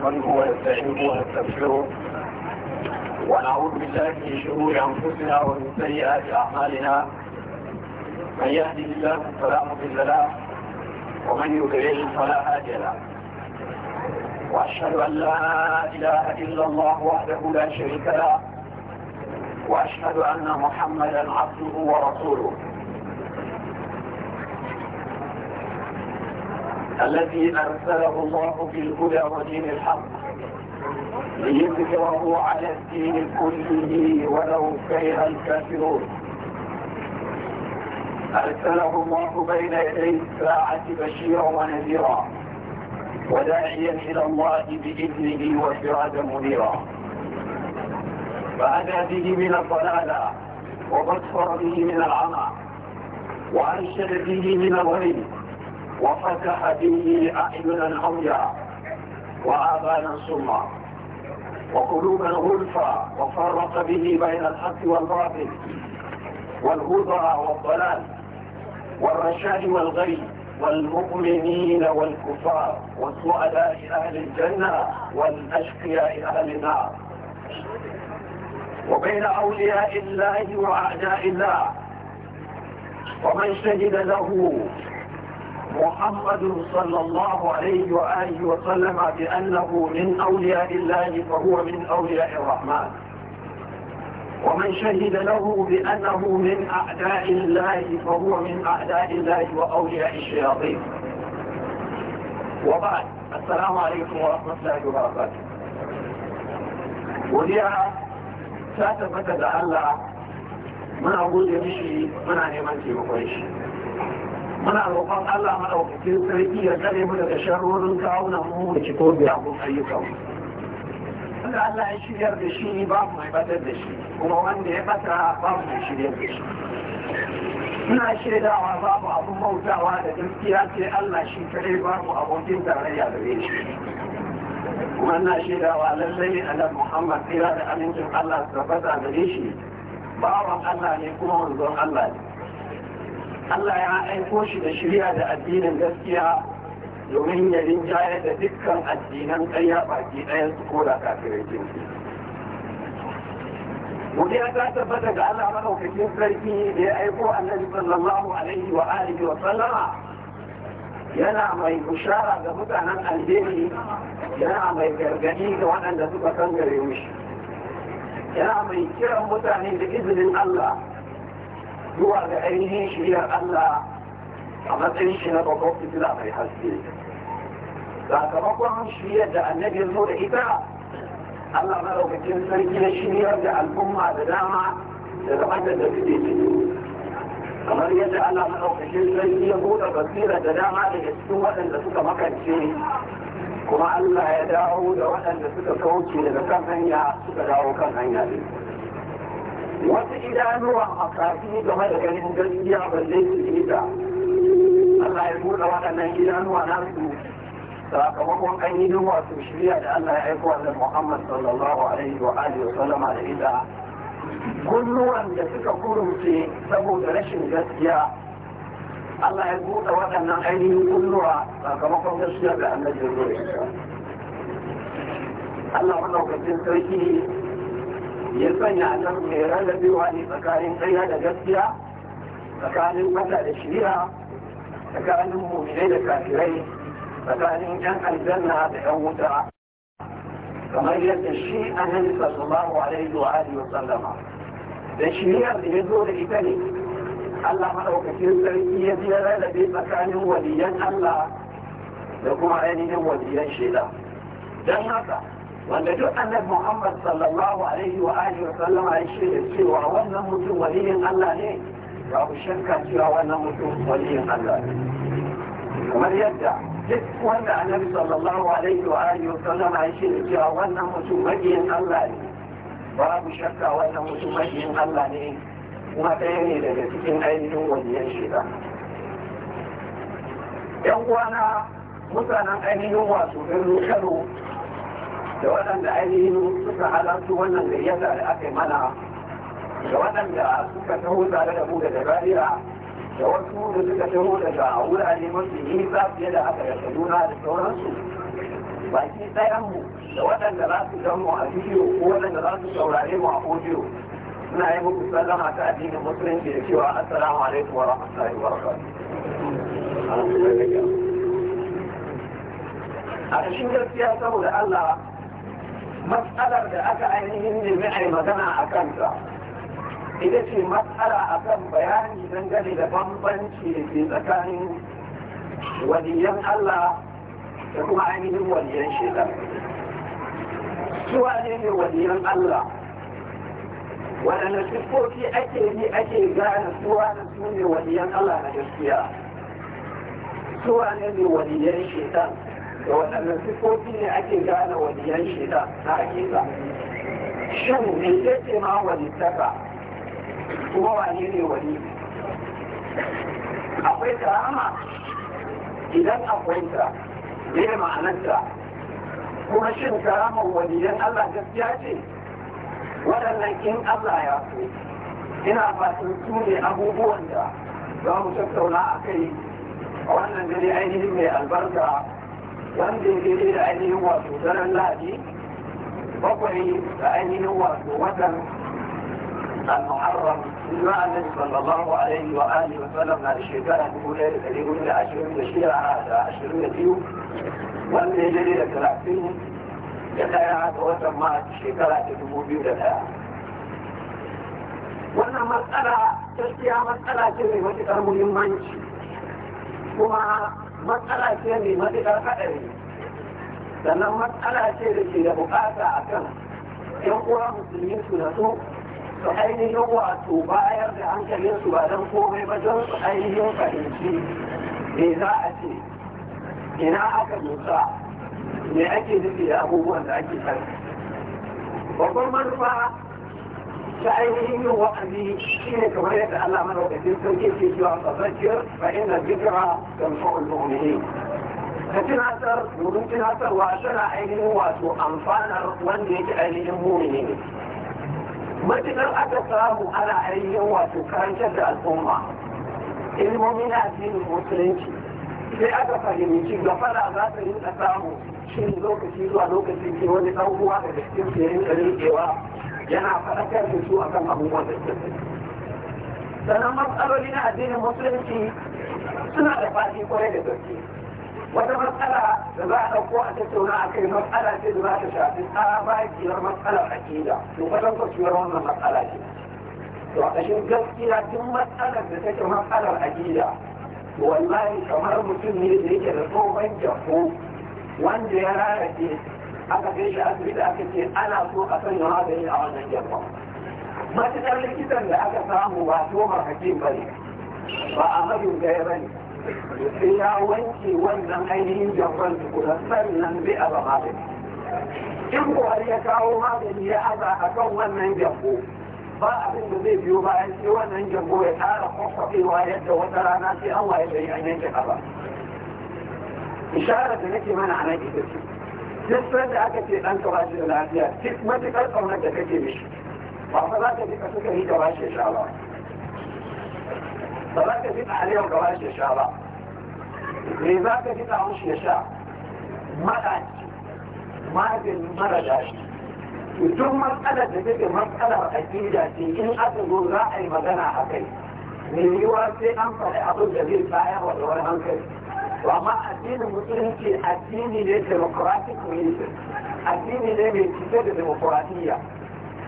من هو يستعينه ويستغفره ونعوذ بالله من شرور انفسنا ومن سيئات اعمالنا من يهدي الله فلا مضل له ومن يضلل فلا هادي له واشهد ان لا اله الا الله وحده لا شريك له واشهد ان محمدا عبده ورسوله الذي أرسله الله في الهدى ودين الحق ليظهره على الدين كله ولو كره الكافرون أرسله الله بين يدي الساعة بشيرا ونذيرا وداعيا إلى الله بإذنه وسراجا منيرا فأتى به من الضلالة وبصر به من العمى وأنشد به من الغيث وفتح به أعينا عميا وآبانا سمى وقلوبا غلفا وفرق به بين الحق والباطل والهدى والضلال والرشاد والغي والمؤمنين والكفار والسؤلاء أهل الجنة والأشقياء أهل النار وبين أولياء الله وأعداء الله ومن شهد له محمد صلى الله عليه وآله وسلم بأنه من أولياء الله فهو من أولياء الرحمن ومن شهد له بأنه من أعداء الله فهو من أعداء الله وأولياء الشياطين وبعد السلام عليكم ورحمة الله وبركاته وليا تاتبت da Allah من أقول يمشي من أن يمشي shi muna roƙon Allah maɗaukakin sarki ya tsare mu daga sharrorin kawunan mu da ci ko biya kun ayyukan wanda Allah ya shiryar da shi babu mai batar da shi kuma wanda ya bata babu mai shiryar da shi ina shaidawa babu abun bautawa da gaskiya sai Allah shi kare babu abokin tarayya da shi kuma ina shaidawa lallai Allah Muhammad tsira da amincin Allah tabbata gare shi bawan Allah ne kuma wanzon Allah ne Allah ya aiko shi da shirya da addinin gaskiya domin ya rinjayar da dukkan addinan ƙarya baki ɗayan su ko da kafirai jinsi. Godiya ta tabbata ga Allah maɗaukakin sarki da ya aiko annabi sallallahu alaihi wa alihi wa sallama yana mai bushara ga mutanen aljeri yana mai gargaɗi ga waɗanda suka kangare mishi yana mai kiran mutane da izinin Allah zuwa ga ainihin shirya Allah a matsayin shi na babban fitila mai haske sakamakon shirya da annabi ya zo da ita Allah madaukakin sarki na shiryar da al'umma da dama da zaman da suke ciki kamar yadda Allah madaukakin sarki ya buɗe basira da dama daga cikin waɗanda suka makance kuma Allah ya dawo da waɗanda suka kauce daga kan hanya suka dawo kan hanya ne. wasu idanuwa a kafi game da ganin gaskiya ba zai su yi da Allah ya buɗe waɗannan idanuwa na su sakamakon an yi duwa su shirya da Allah ya aiko wannan Muhammad sallallahu alaihi wa alihi wa sallama da ita kulluwan da suka kurumce saboda rashin gaskiya Allah ya buɗe waɗannan ainihin kulluwa sakamakon gaskiya da Allah ya Allah madaukakin sarki ya sanya a nan mai rarrabewa ne tsakanin ƙarya da gaskiya tsakanin mata da shirya tsakanin mummunai da kafirai tsakanin yan aljanna da yan wuta kamar yadda shi annabi sallallahu alaihi wa alihi wa sallama da shirya da ya zo da ita ne Allah madaukakin sarki ya ji rarrabe tsakanin waliyan Allah da kuma ainihin waliyan shaida don haka wanda duk annabi Muhammad sallallahu alaihi wa alihi wa sallam ya shirya cewa wannan mutum waliyin Allah ne ku shakka cewa wannan mutum waliyin Allah ne kamar yadda duk wanda annabi sallallahu alaihi wa alihi wa sallam ya shirya cewa wannan mutum majiyin Allah ne ba ku shakka wannan mutum majiyin Allah ne kuma ɗaya ne daga cikin ainihin waliyan shida. ‘Yan uwana mutanen ainihin wasu ɗin Kano da waɗanda ainihin suka halarci wannan gayyata da aka yi mana da waɗanda suka taho tare da mu da jabariya da wasu da suka taho daga wurare mafi nisa fiye da haka da kaduna da sauransu baki ɗayanmu da waɗanda za su gan mu a bidiyo ko waɗanda za su saurare mu a audio suna yi muku sallama ta addinin musulunci da cewa assalamu alaikum wa rahmatullahi wa barakatuh a cikin gaskiya saboda Allah matsalar da aka ainihin nemi a magana a kanta ita ce matsala a kan bayani dangane da bambanci da ke tsakanin waliyan Allah da kuma ainihin waliyan shekar suwa ne ne waliyan Allah waɗanda siffofi ake yi ake gane suwa da su ne waliyan Allah na gaskiya suwa ne ne waliyan shekar da waɗannan sifofi ne ake gane waliyan shida na hakika shin me yake ma walittaka kuma wane ne wani? akwai karama idan akwai ta me ma'anarta kuma shin karamar waliyan Allah gaskiya ce waɗannan in Allah ya so ina fatan su ne abubuwan da za mu tattauna a kai A wannan gari ainihin mai albarka wanda ya daidai da ainihin wato daren lahadi bakwai da ainihin wato watan al-muharram zuwa annabi sallallahu alaihi wa alihi wa sallam na da shekara dubu ɗaya da ɗari hudu da ashirin da shida da ashirin da biyu wanda ya daidai da talatin da ɗaya ga watan ma shekara ta dubu biyu da ɗaya wannan matsala gaskiya matsala ce mai matuƙar muhimmanci kuma matsala ce mai matuƙar haɗari sannan matsala ce da ke da buƙata a kan ‘yan uwa musulmi su da su su ainihin wato bayar da hankalin su ba don komai ba don su ainihin fahimci me za a ce ina aka nutsa me ake nufi da abubuwan da ake sarki babban manufa فأيهم وأبي حين كويت على من وقتين توجيه في سواء تذكر فإن الذكرى تنفع المؤمنين فتنا أثر يقولون تنا أثر وأثر أيهم وأسوء أنفانا وأن يجعلهم مؤمنين matuƙar aka samu ana ainihin wato karantar da al'umma ilmomi na addinin musulunci sai aka fahimci gafara za ta rinka samu shi lokaci zuwa lokaci ke wani ɗan uwa da cikin su ya rinka yana faɗakar da su akan abubuwan da suke sannan matsaloli na addinin musulunci suna da faɗi kwarai da gaske wata matsala da za a ɗauko a tattauna a kai matsala ce da za ta shafi tsabakiyar matsalar aƙida to kwatan kwaciyar wannan matsala ce to a ƙashin gaskiya duk matsalar da take matsalar aƙida wallahi kamar mutum ne da yake da tsohon jafo wanda ya rarrafe أنا غير أسر إذا أكتين أنا أصبح أسر هذا هي أعادة ما تجعل لك إذن لأك سامه واتوما حكيم بني وأمد غيرني يا وانتي وان لم أيهين جفرن تقول سلن بأبا غالب إنه هل يكاو هذا هي أبا أكو وان من جفو فأبن بذي بيوبا أنتي وان من جفو يتعالى خصفي وآيات وترى ناسي الله يجعي أن ينجح أبا إشارة لك من عنك تسيب duk da aka ce ɗan ka shi da lafiya duk matuƙar ƙaunar da kake mishi ba fa za ka jika suka yi da washe sha ba ba za ka jika aliyar da washe sha ba me za ka jika mushi ya sha mara magani mara dashi duk matsalar da take matsalar aƙida ce in aka zo za a yi magana a kai me yiwuwa sai an faɗi abin da zai bayar wa da wani hankali وما الدين المسلمي الديني للديمقراطية الديني للانتساب الديمقراطية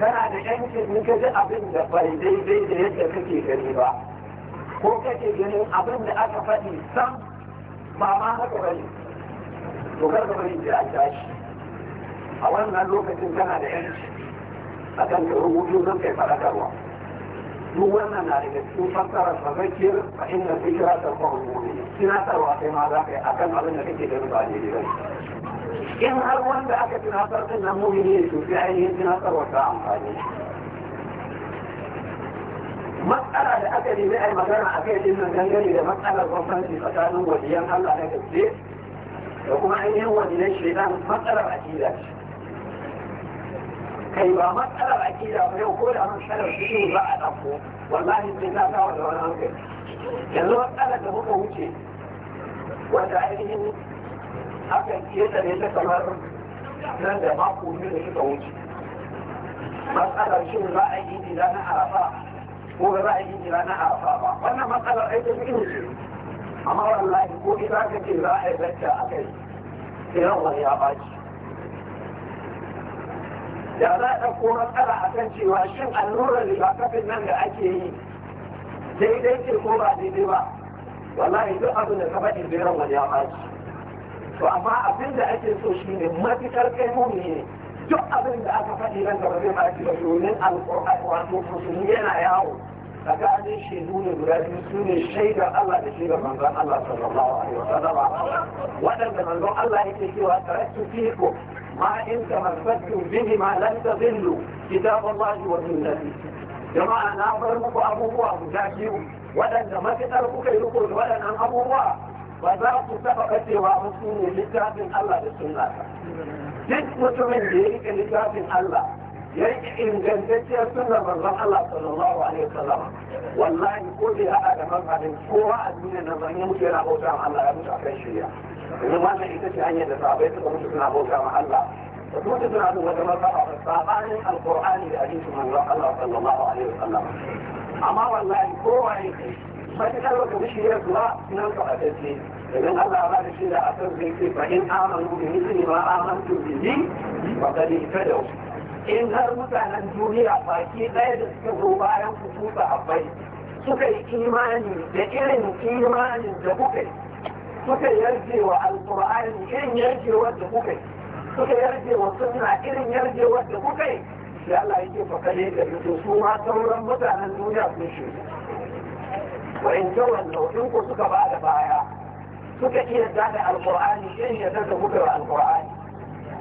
فانا لأنك نكد أبن دفعي دي دي دي يتكي غريبا وكتي جنين أبن أكفا إنسان ما ما هتغري وكرت غريب دي أجاش أولا نلوك تنتنى لأنك أتنك رموجو نمكي فلا تروح دون معرفة فكر ففكر فإن الفكرة تنفع المؤمن سنة الواقع ما ذاك أكن على أنك تدرب عليه إن هل وان بأك تناصر إن المؤمن يسوع في عينه تناصر وساعة عليه مسألة لأكد بأي مكان أكيد إن جنجل إذا مسألة ربنا في فتانه وليان الله لك الزيت وكما عينه وليان الشيطان مسألة عجيبة kai ba matsalar akida ba yau ko da matsalar cikin za a ɗauko wallahi sai na kawo da wani hankali yanzu matsalar da muka wuce wanda ainihin hakan ke tsare ta kamar nan da mako biyu da suka wuce matsalar shin za a yi jira na arafa ko ba za a yi jira na arafa ba wannan matsalar aikin cikin ce amma wallahi ko ita ka ce za a yi zacca a kai sai ran wani ya ɓaci da za a ɗauko matsala a kan cewa shin allurar rigakafin nan da ake yi daidai ce ko ba daidai ba wallahi duk abin da ka faɗi beran wani ya faci to amma abin da ake so shi ne mafitar kai mummi ne duk abin da aka faɗi nan gaba zai faci ba domin alƙur'an wato musulmi yana yawo tsakanin shaidu ne guda biyu su ne shaidar Allah da shaidar manzon Allah sallallahu alaihi wa sallama waɗanda manzon Allah yake cewa taraktu fiikum ما إن تمسكتم بهما لن تضلوا كتاب الله وسنتي jama'a na bar muku abubuwa guda biyu waɗanda matuƙar kuka yi riko da waɗannan abubuwa ba za ku taɓa ɓacewa musu ne littafin Allah da sunna ba. Duk mutumin da ya rike littafin Allah ya rike ingantacciyar sunnar manzon Allah sallallahu alaihi wallahi ko da ya da mazhabin kowa a duniya na zan yi mutu yana bauta Allah ya mutu a kan shirya. domin wannan ita ce hanyar da sahabbai suka mutu suna bauta ma Allah da su mutu suna duba da masaha sabanin alqur'ani da hadisi manzo Allah sallallahu alaihi wasallam amma wallahi kowa ne sai ka roka bishiyar zuwa nan ka adace idan Allah ya bada shi da akan zai ce fa in amanu bi mithli ma amantu bihi fa qad ihtadaw in har mutanen duniya baki ɗaya da suka zo bayan ku tuka abai suka yi imani da irin imanin da kuka yi suka yarje wa alƙur'ani irin yarjewar da kuka yi suka yarje wa sunna irin yarjewar da kuka yi da Allah yake fakale da su su ma sauran mutanen duniya sun shi wa in jawan nau'in ku suka ba da baya suka iya da alƙur'ani irin yadda da kuka yi alƙur'ani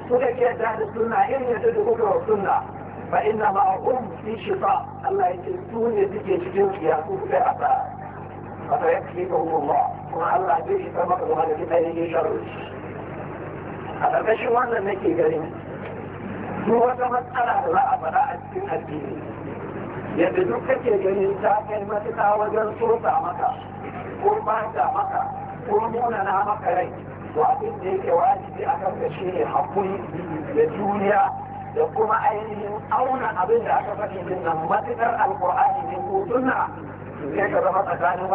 suka iya da sunna irin yadda da kuka yi sunna fa inna ma'ahum fi shifa Allah yake su ne suke cikin tsiya su kuka yi asara فسيكفيكهم الله kuma Allah zai shiga maka kuma da fita ne sharri a ƙarƙashin wannan nake ganin duk wata matsala da za a faɗa a cikin addini yadda duk kake ganin ta kai matuƙa wajen sosa maka ko bata maka ko munana maka rai to abin da yake wajibi a kan ka shi ne haƙuri da juriya da kuma ainihin auna abin da aka faɗi din nan matuƙar alƙur'ani ne ko sunna me ka zama tsakanin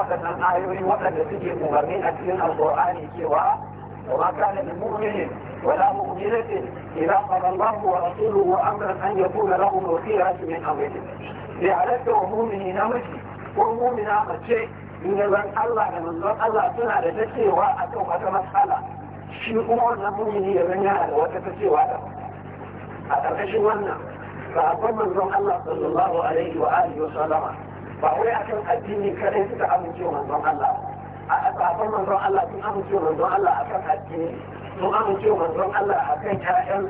a cikin alƙur'ani cewa وما كان لمؤمن ولا مؤمنة إذا قضى الله ورسوله أمرا أن يكون لهم الخيرة من أمرهم لعلك ومؤمن نمشي ومؤمن أمشي من ذن الله من ذن الله سنة لتشي وأتو وتمسحلة شيء أمرنا مؤمن يبنيها وتتشي وأتو أتركش وأنا فأقول من ذن الله صلى الله عليه وآله وسلم ba wai akan addini kadai suka amince manzon Allah a sabon manzon Allah sun amince manzon Allah akan addini sun amince manzon Allah akan ƴaƴan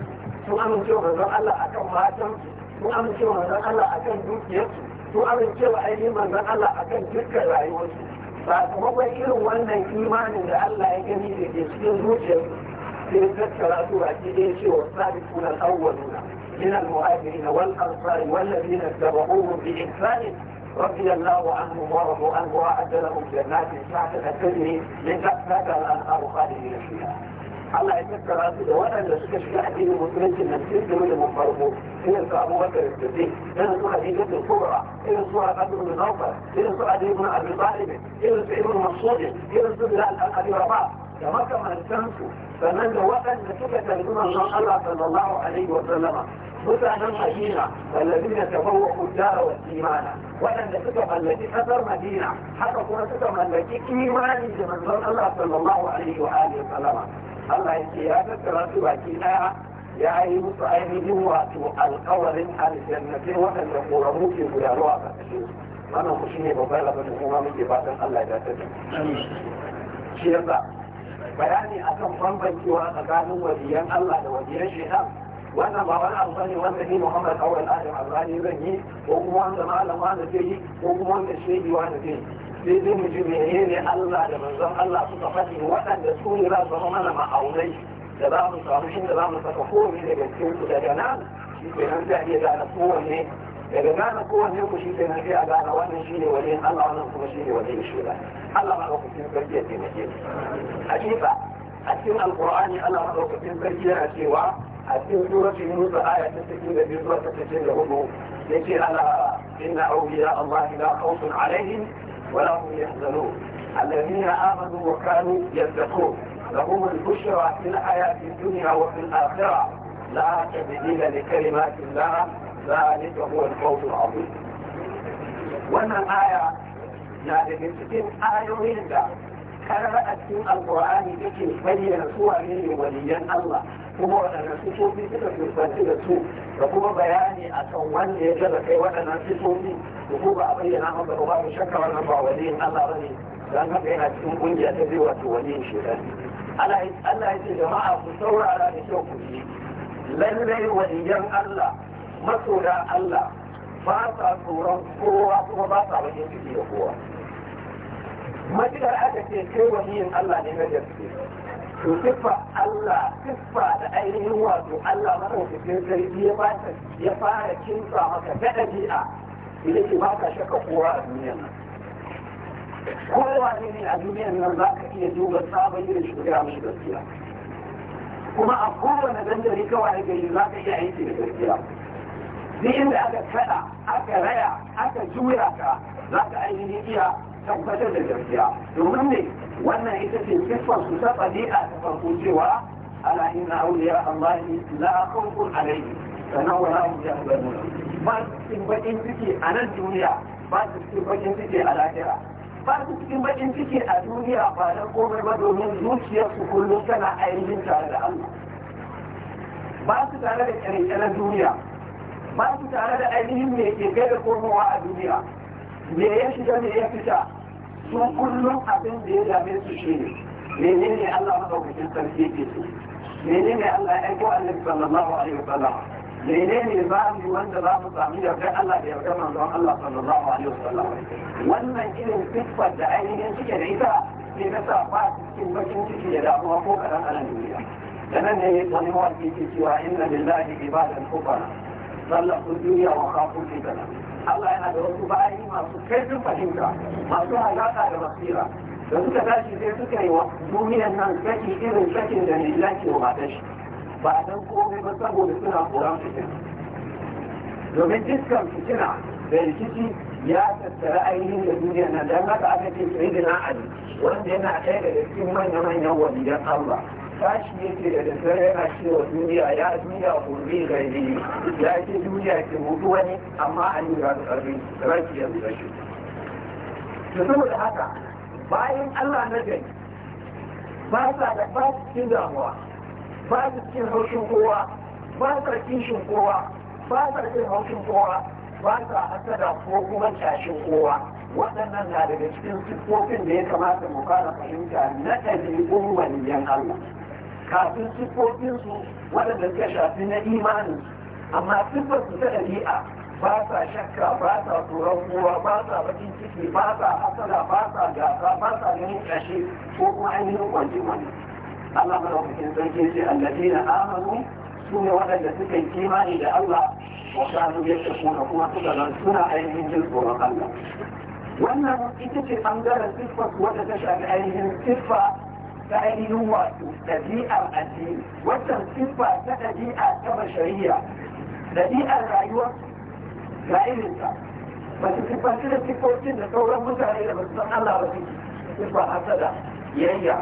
sun amince manzon Allah akan matan sun amince manzon Allah akan dukiyarsu sun amince wa ainihin manzon Allah akan dukkan rayuwarsu sakamakon irin wannan imanin da Allah ya gani da ke cikin zuciyarsu sai tattara su a cikin cewa sabiqun al-awwaluna من المهاجرين والأنصار والذين اتبعوهم بإحسان رضي الله عنه وارضه عنه وأعد لهم جنات سعد الدنيا لتفتى الأنهار خالدين فيها الله يذكر أن الأولى الذي يشتهي المسلمين من سيد من المفرقه إن أنت أبو بكر الصديق إن أنت خديجة الكبرى إن أنت بدر بن نوفل إن أنت علي بن أبي طالب إن أنت ابن مسعود إن أنت بلال أبي رباط كما من الشمس فمن وقت نتيجة لدون الله صلى الله عليه وسلم فتحاً المدينة الذين تفوقوا الدار والإيمان وأن فتح الذي أثر مدينة حقق فتح الذي إيمان من الله صلى الله عليه وآله وسلم الله يسيادة رسوة كناء يا أيها مطعم جوات القول الحال الجنة وأن يقول موكب يا رواب أنا مشيني ببالة من أمام الجبات الله لا تجد شيخ بياني أكم فنبا كواء قانون وديان الله وديان شيخ wannan ba wani abu bane wanda ni Muhammad Awal Adam Albani zan yi ko kuma wanda malam wanda zai yi ko kuma wanda shehi wanda zai yi sai dai mu ji menene Allah da manzon Allah suka faɗi waɗanda su ne za su zama mana ma'aunai da za mu samu inda za mu saka komai daga cikin su daga nan shi ke nan zai iya gane kowanne daga gane kowanne ku shi kenan sai a gane wannan shine wani Allah wannan kuma shine wani shura Allah ma ku cikin sarki ya taimake hakika a cikin alqur'ani Allah ma ku cikin sarki yana cewa a cikin suratun musa aya ta cikin da biyu zuwa ta cikin da hudu ya ce ala inna auliya allahi la khawfun alaihim wa la hum yahzanun alladhina amanu wa kanu yattaqun lahum al-bushra fil hayati ad-dunya wa fil akhirah لا تبديل لكلمات الله ذلك هو الفوز العظيم wannan aya na daga cikin ayoyin da karar a cikin alkur'ani take bayyana suwa ne waliyan Allah kuma waɗannan sifofi suka fuskanci da su da kuma bayani a kan wanda ya gaza kai waɗannan sifofi da ko ba a bayyana maka ba babu shakka wannan ba waliyin Allah ba ne don haka yana cikin ƙungiya ta biyu wato waliyin shekaru Allah ya ce jama'a ku saurara da kyau ku ji lallai waliyan Allah masoda Allah ba sa tsoron kowa kuma ba sa bakin ciki da kowa. Matukar aka ce kai waliyin Allah ne na gaske to siffa Allah siffa da ainihin wato Allah maɗaukakin sarki ya bata ya fara kinsa maka ta ɗabi'a idan ki baka shakka kowa a duniya kowa ne ne a duniyar nan za ka iya duba sabon yin shugaba mai gaskiya kuma a kowane dandare kawai gari za ka iya aiki da gaskiya duk inda aka kada aka raya aka juya ka za ka ainihin iya tabbatar da gaskiya domin ne wannan ita ce siffar su ta ɗabi'a ta farko cewa ala inna awliya allahi la khawfun alayhi sannan wa la hum yahzanun ba su cikin bakin ciki a nan duniya ba su cikin bakin ciki a lahira ba su cikin bakin ciki a duniya ba dan komai ba domin su kullum tana ainihin tare da Allah ba su tare da kyanayi duniya ba su tare da ainihin mai ke kai da komowa a duniya me ya shiga me ya fita su kullum abin da ya dame su shi ne menene Allah madaukakin sarki ke su menene Allah ya aiko annabi sallallahu alaihi wasallam menene za mu wanda za mu sami yarda Allah da yarda manzon Allah sallallahu alaihi wasallam wannan irin siffar da ainihin suke da ita ke na sa ba cikin bakin ciki da damuwa ko karan anan duniya da nan ne wani wani ke cewa inna lillahi ibadan kufara sallah duniya wa khafu fitana Allah yana da wasu bayani masu kaifin fahimta masu halaka da basira da suka tashi sai suka yi wa duniyan nan saki irin sakin da ne lake wa matan shi ba a san komai ba saboda suna koran fitin domin dukkan fitina da rikici ya tattara ainihin da duniya nan don haka aka ce sayyidina ali wanda yana ɗaya daga cikin manya-manyan walidan Allah kaç bir kere aşıyor dünya ya dünya kurbi gayri. Ya ki dünya ki bu ne ama an rabbi rabbi yaşı. Saboda haka bayan Allah na gani ba sa da ba cikin damuwa ba su cikin haushin kowa ba sa kishin kowa ba sa cikin haushin kowa ba sa hasada ko kuma cashin kowa waɗannan na daga cikin siffofin da ya kamata mu fara fahimta na ɗabi'un waliyan Allah. kafin siffofinsu waɗanda suka shafi na imanin amma siffar su ta ɗabi'a ba sa shakka ba sa tsoron kowa ba sa bakin ciki ba sa hasala ba sa gasa ba sa ganin ƙashe ko kuma ainihin kwanci wani Allah madaukakin sarki ce allazi na amanu su ne waɗanda suka yi kimani da Allah wa kanu yadda kuna kuma suka zan suna ainihin jin tsoron Allah wannan ita ce ɓangaren siffar wadda ta shafi ainihin siffa ta ainihin wato ɗabi'ar addini wannan siffa ta ɗabi'a ta bashariya ɗabi'ar rayuwa ga ba su siffanci da siffocin da sauran mutane da basu san Allah ba su siffa hasada yayya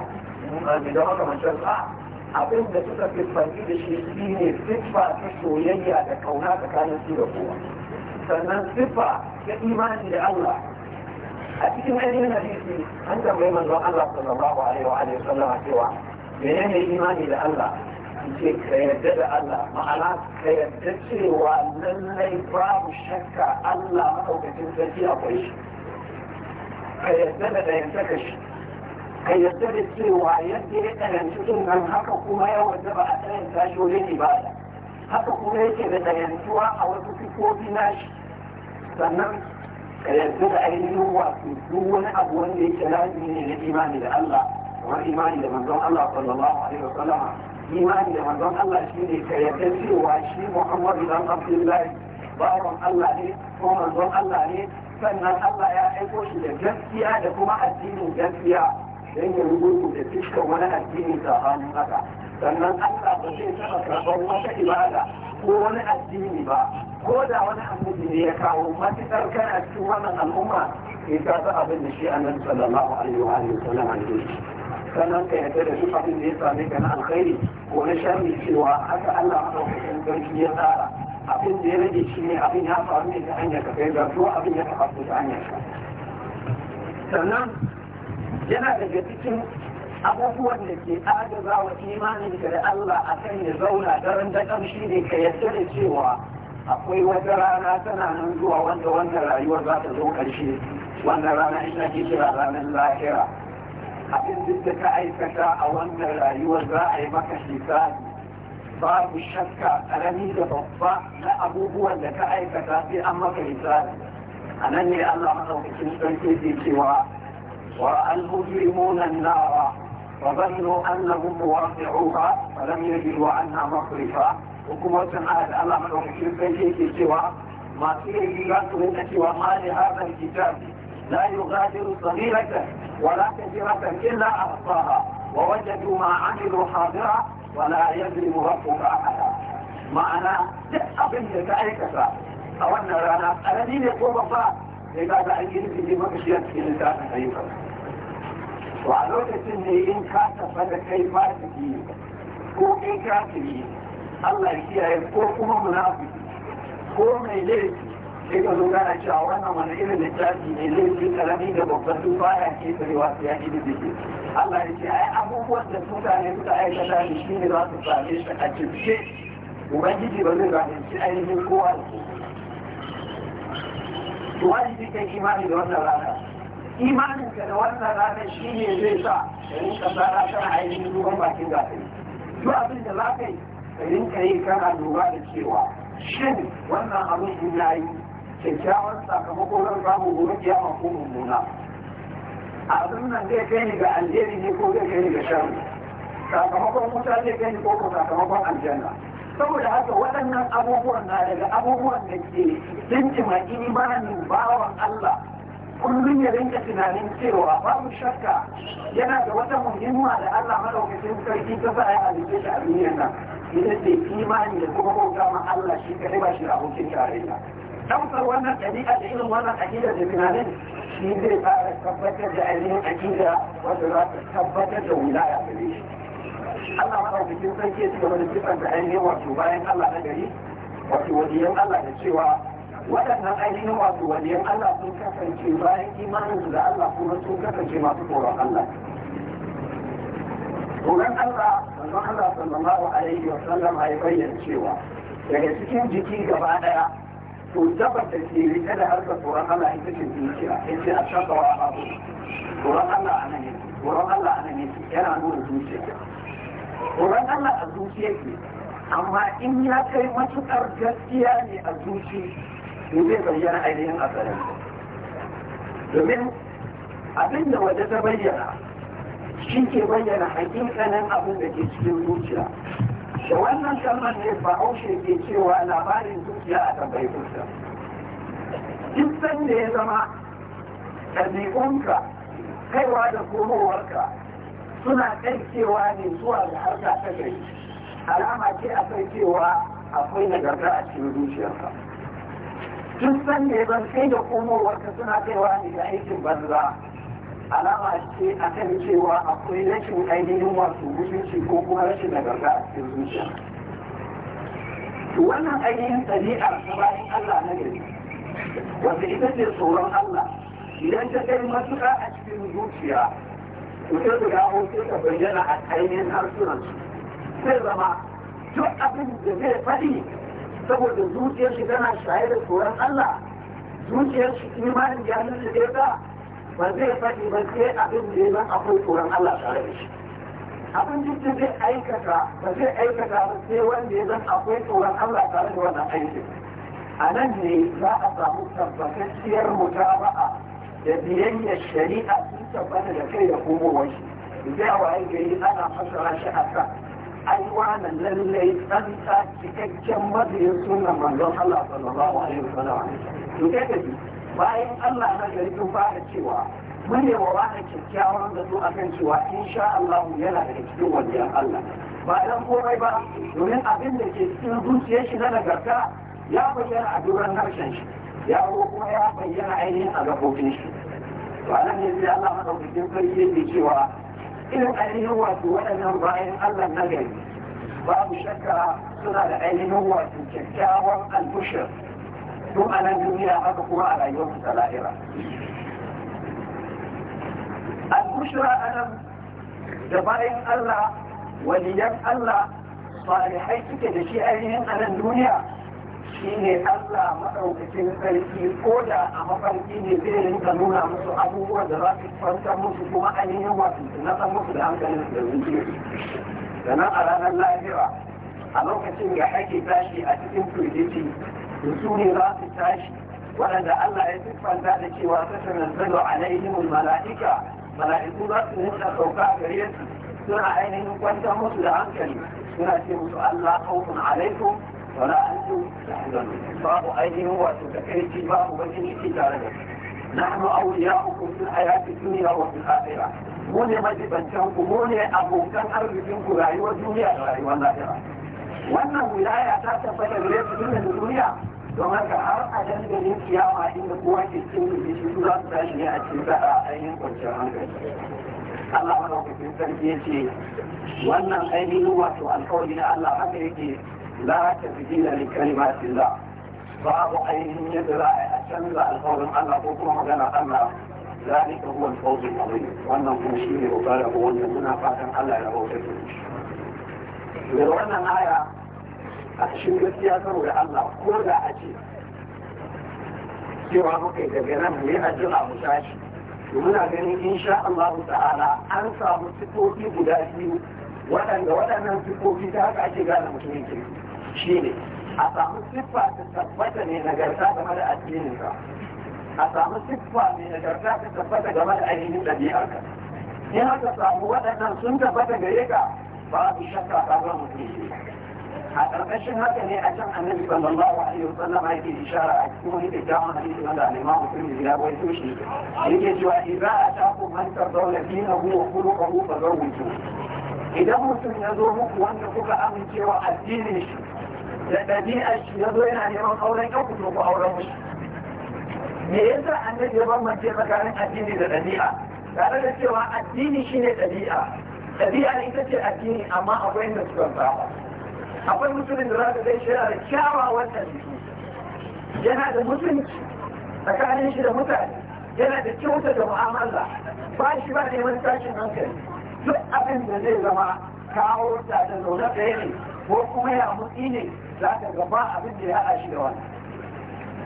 da makamancin ba abin da suka siffanci da shi shi ne siffa ta soyayya da kauna tsakanin su da kowa sannan siffa ta imani da Allah a cikin ainihin hadisi an tambayi manzon Allah sallallahu alaihi wa alihi sallama cewa menene imani da Allah ce ka yarda da Allah ma'ana ka yarda cewa lallai babu shakka Allah madaukakin sarki akwai shi ka yarda da dayantaka shi ka yarda da cewa yadda ya tsananci din nan haka kuma ya wanda ba a tsananta shi wajen ibada haka kuma yake da dayantuwa a wasu sifofi nashi sannan ka yanzu da ainihin wasu duk wani abu wanda yake lazimi ne na imani da Allah kamar imani da manzon Allah sallallahu alaihi wa sallama imani da manzon Allah shi ne ka yarda cewa shi Muhammadu dan Abdullahi bawan Allah ne ko manzon Allah ne sannan Allah ya aiko shi da gaskiya da kuma addinin gaskiya don ya rubutu da fuskar wani addini tsakanin haka sannan Allah ba zai taɓa karɓar wata ibada ko wani addini ba ko da wani annabi ne ya kawo matuƙar kana cikin wannan al'umma ya ka san abin da shi annabi sallallahu alaihi wa alihi wasallam ne sannan ka yarda da duk abin da ya same ka na alkhairi ko na sharri cewa haka Allah madaukakin sarki ya tsara abin da ya rage shi ne abin ya faru ne ta hanyar ka kai zarto abin ya faru ta hanyar ka sannan yana daga cikin abubuwan da ke agaza wa imanin ka da Allah a kan ya zauna daren da kamshi ne ka yadda da cewa akwai wata rana tana nan zuwa wanda wannan rayuwar za ta zo ƙarshe wannan rana ina ke kira ranar lahira abin duk da ka aikata a wannan rayuwar za a yi maka hisabi babu shakka karami da babba na abubuwan da ka aikata sai an maka hisabi a nan ne Allah madaukakin sarki ke cewa wa al-mujrimuna nara وظنوا أنهم مواقعوها فلم يجدوا عنها مصرفا حكومة على الأمام الأمريكي في سوى ما فيه يقولون سوى ما لهذا الكتاب لا يغادر صغيرة ولا كبيرة إلا أخطاها ووجدوا ما عملوا حاضرا ولا يظلم ربك أحدا معنى أبن تتعيكسا أولنا رانا أنا دين يقوم بطا لماذا أجل في مكشيات في لسان أيها to a lokacin ne in ka tafa da kai fasiki ko in kai kafiri Allah ya kiyaye ko kuma munafiki ko mai laifi sai ka zo gana cewa wannan wani irin littafi ne laifi karami da babban su baya ke tsarewa su yaki da jiki Allah ya ce ai abubuwan da mutane suka aikata ne shi ne za su same shi a cikin ubangiji ba zai zalunci ainihin kowa da kowa. Tuwa jiki kai imani da wannan rana. imaninka da wannan ranar shi ne zai sa ka rinka tsara kana ainihin duban bakin gafi duk abin da za ka ka rinka yi kana duba da cewa shin wannan abin in na yi kyakkyawar sakamakon zan samu gobe kiyama ko mummuna abin nan zai kai ni ga aljeri ne ko zai kai ni ga sharri sakamakon wuta zai kai ni ko ko sakamakon aljanna saboda haka waɗannan abubuwan na daga abubuwan da ke tsintima imanin bawan Allah kullum ya rinka tunanin cewa babu shakka yana da wata muhimma da Allah madaukakin sarki ta sa ya halitta shi a duniyar nan ita ce imani da kuma bauta ma Allah shi kadai ba shi da abokin tarayya daukar wannan ɗabi'a da irin wannan aƙida da tunanin shi zai fara tabbatar da ainihin aƙida wanda za ta tabbatar da wilaya gare shi Allah madaukakin sarki ya ci gaba da sifanta ainihin wato bayan Allah na gari wato wajen Allah da cewa waɗannan ainihin wato waliyan Allah sun kasance bayan imanin da Allah kuma sun kasance masu tsoron Allah tsoron Allah sannan Allah sallallahu alaihi wa sallam ya bayyana cewa daga cikin jiki gaba daya to dabar da ke rike da harkar tsoron Allah ita ce zuciya yace a shafa wa abu tsoron Allah a nan yake tsoron Allah a nan yake yana nuna zuciya tsoron Allah a zuciya ke amma in ya kai matukar gaskiya ne a zuciya shi zai bayyana ainihin asalin domin abin da waje ta bayyana shi ke bayyana hakikanin abin da ke cikin zuciya da wannan kalmar ne bahaushe ke cewa labarin zuciya a tambayi kusa duk sanda ya zama ɗabi'unka kaiwa da komowarka suna karkewa ne zuwa da harka ta gari alama ce akwai cewa akwai nagarta a cikin zuciyarka duk san ne ban kai da komowarka suna kaiwa ne da aikin banza alama ce a kan cewa akwai rashin ainihin wasu mutunci ko kuma rashin nagarta a cikin zuciya wannan ainihin ɗabi'ar ta bayan Allah na gari wanda ita ce tsoron Allah idan ta kai matuƙa a cikin zuciya mutum da gawo sai ka bayyana a ainihin harsunan sai zama duk abin da zai faɗi saboda zuciyar shi tana shaye da tsoron Allah zuciyar shi imanin ya nuna da ya ba zai faɗi ba sai abin da ya zan akwai tsoron Allah tare da shi abin da zai aikata ba zai aikata ba sai wanda ya zan akwai tsoron Allah tare da wannan aikin a nan ne za a samu tabbatacciyar mutaba'a da biyayya shari'a sun tabbata da kai da komowar shi zai waye gari ana fasara shi a kan ai wannan lallai tsanta cikakken mabiyin sunan manzon Allah sallallahu alaihi wasallam to kai kaji bayan Allah na gari tun fara cewa mune wa wani kyakkyawan da su akan cewa insha Allah yana da cikin wajen Allah ba dan komai ba domin abin da ke cikin zuciyar shi na nagarta ya bayyana a duran harshen shi ya kuma ya bayyana ainihin a gabobin shi to anan ne sai Allah madaukakin sarki yake cewa إلى أنه هو دولة من رأيه ألا مجد باب شكا سنة لأنه هو شكا والبشر ثم أنا جميع أبقوا على يوم سلائرة البشرى أنا جبائي ألا وليب ألا صالحي تكدشي أهلهم أنا الدنيا shine Allah madaukakin sarki ko da a mafarki ne zai rinka nuna musu abubuwan da za su kwantar musu kuma ainihin wasu na san musu da hankalin da zuciya sannan a ranar lahira a lokacin da ake tashi a cikin firgici su ne za su tashi waɗanda Allah ya siffanta da cewa ta tanazzalu alaihimul mala'ika mala'iku za su rinka sauka gare su suna ainihin kwantar musu da hankali suna ce musu Allah khawfun alaikum نحن أولياؤكم في الحياة الدنيا وفي الآخرة بني مجد أن تنقموني أبو كان أن جنك رأي الدنيا رأي الآخرة. وأن الولاية أساسا فتبريت من الدنيا ومالك حرق أجل بنيك يا مالين بقوة السن بشكرة تانية أتباع أين قد الله ربك في التنفيذ. وأن الأيدي نوات والقول إلى الله حقيقي لا تفتين لكلمات الله فأبو ainihin yadda za الفوض أن a canza alkawarin Allah ko kuma magana Allah ذلك هو الفوز العظيم وانا مشير وطالب وانا منافعة الله يبوت لروانا آية أشير السياسة لأن الله كل أجيب سوى مكي تبينا من أجل أمساش ومن أجل إن شاء الله تعالى أنصى مستقوكي بداسي وأن وأن أنسقوكي تابع جيبان مسلمين shine a samu siffa ta tabbata ne nagarta game da addinin ka a samu siffa ne nagarta ta tabbata game da ainihin ɗabi'ar ka in aka samu waɗannan sun tabbata gare ka babu shakka ka ga mutum a ƙarƙashin haka ne a can annabi sallallahu alaihi wa sallam yake ishara a cikin wani kyakkyawan hadisi wanda al-Imam Muslim ya rawaito shi yake cewa idza ataakum man tardawna dinahu wa khuluquhu fazawwiju idan mutum ya zo muku wanda kuka amincewa addinin shi da ɗabi'ar shi ya zo yana neman auren yau ku ku auren mu me yasa annabi ya bambance tsakanin addini da ɗabi'a tare da cewa addini shine ɗabi'a ɗabi'a ita ce addini amma akwai inda suka saba akwai musulun da za ka zai shirya da kyawawan ɗabi'u yana da mutunci tsakanin shi da mutane yana da kyauta da mu'amala ba shi ba neman tashin hankali duk abin da zai zama kawo ta da zaune ɗaya ne ko kuma ya mutsi ne za ka gaba abin da ya haɗa shi da wani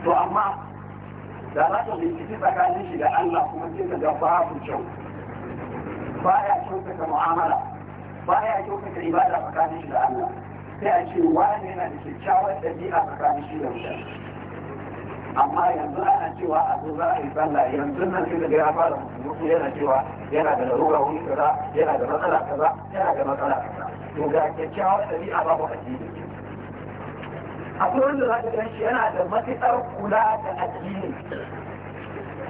to amma da za ka binciki tsakanin shi da Allah kuma sai ka ga babu kyau baya kyautata mu'amala baya kyautata ibada tsakanin shi da Allah sai a ce wani yana da kyakkyawar ɗabi'a tsakanin shi da mutane amma yanzu ana cewa a zo za a yi sallah yanzu nan sai daga ya fara mutum yana cewa yana da larura wani kaza yana da matsala kaza yana da matsala kaza to ga kyakkyawar ɗabi'a ba ku addini akwai wanda za ka gan shi yana da matuƙar kula da addini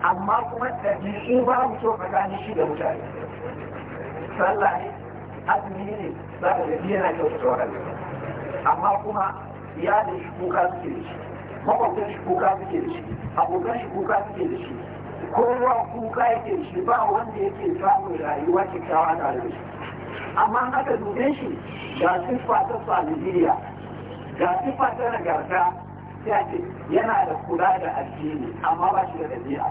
amma kuma ɗabi'u ba mu so ka gane shi da mutane sallah ne azumi ne za ka ga yana kyautata wa amma kuma ya da shi kuka suke da shi makwabtan shi kuka suke da shi abokan shi kuka suke da shi kowa kuka yake da shi ba wanda yake samun rayuwa kyakkyawa tare da shi amma aka dube shi ga siffa ta salihiyya ga siffa ta nagarta sai ake yana da kula da addini amma ba shi da dabi'a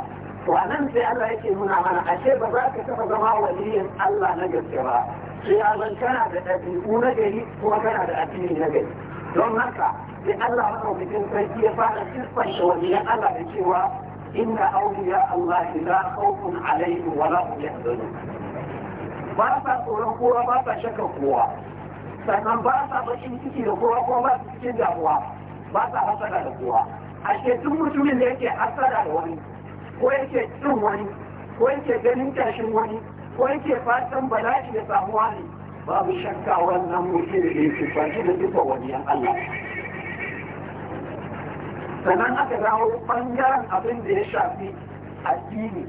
to anan sai Allah yake nuna mana ashe ba za ka taɓa zama waliyin Allah na gaske ba sai ya zan kana da ɗabi'u na gari kuma kana da addini na gari don haka sai Allah maɗaukakin sarki ya fara siffanta waliyan Allah da cewa inna awliya Allah la khawfun alaihim wa la hum yahzanun ba sa tsoron kowa ba sa shakar kowa sannan ba sa bakin ciki da kowa kuma ba su cikin damuwa ba sa hasada da kowa a duk mutumin da yake hasada da wani ko yake cin wani ko yake ganin tashin wani ko yake fatan bala'i da samuwa ne babu shakka wannan mutum da yake fashi da duka yan Allah sannan aka dawo bangaren abin da ya shafi addini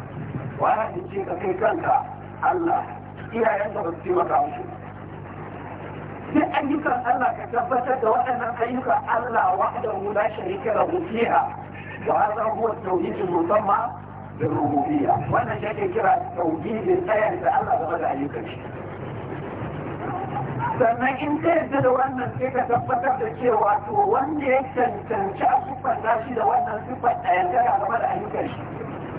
wa ya ce ka kai kanka Allah iyayen da ba su maka musu duk ayyukan Allah ka tabbatar da waɗannan ayyukan Allah wahdahu la sharika lahu fiha wa hadha huwa at-tauhid al-musamma بالربوبية وانا شاكي كرا توجيه الآية لألا بغدا عليك sannan in ka yadda da wannan sai ka tabbatar da cewa to wanda ya cancanci a siffar shi da wannan siffar ɗayan tara game da ayyukan shi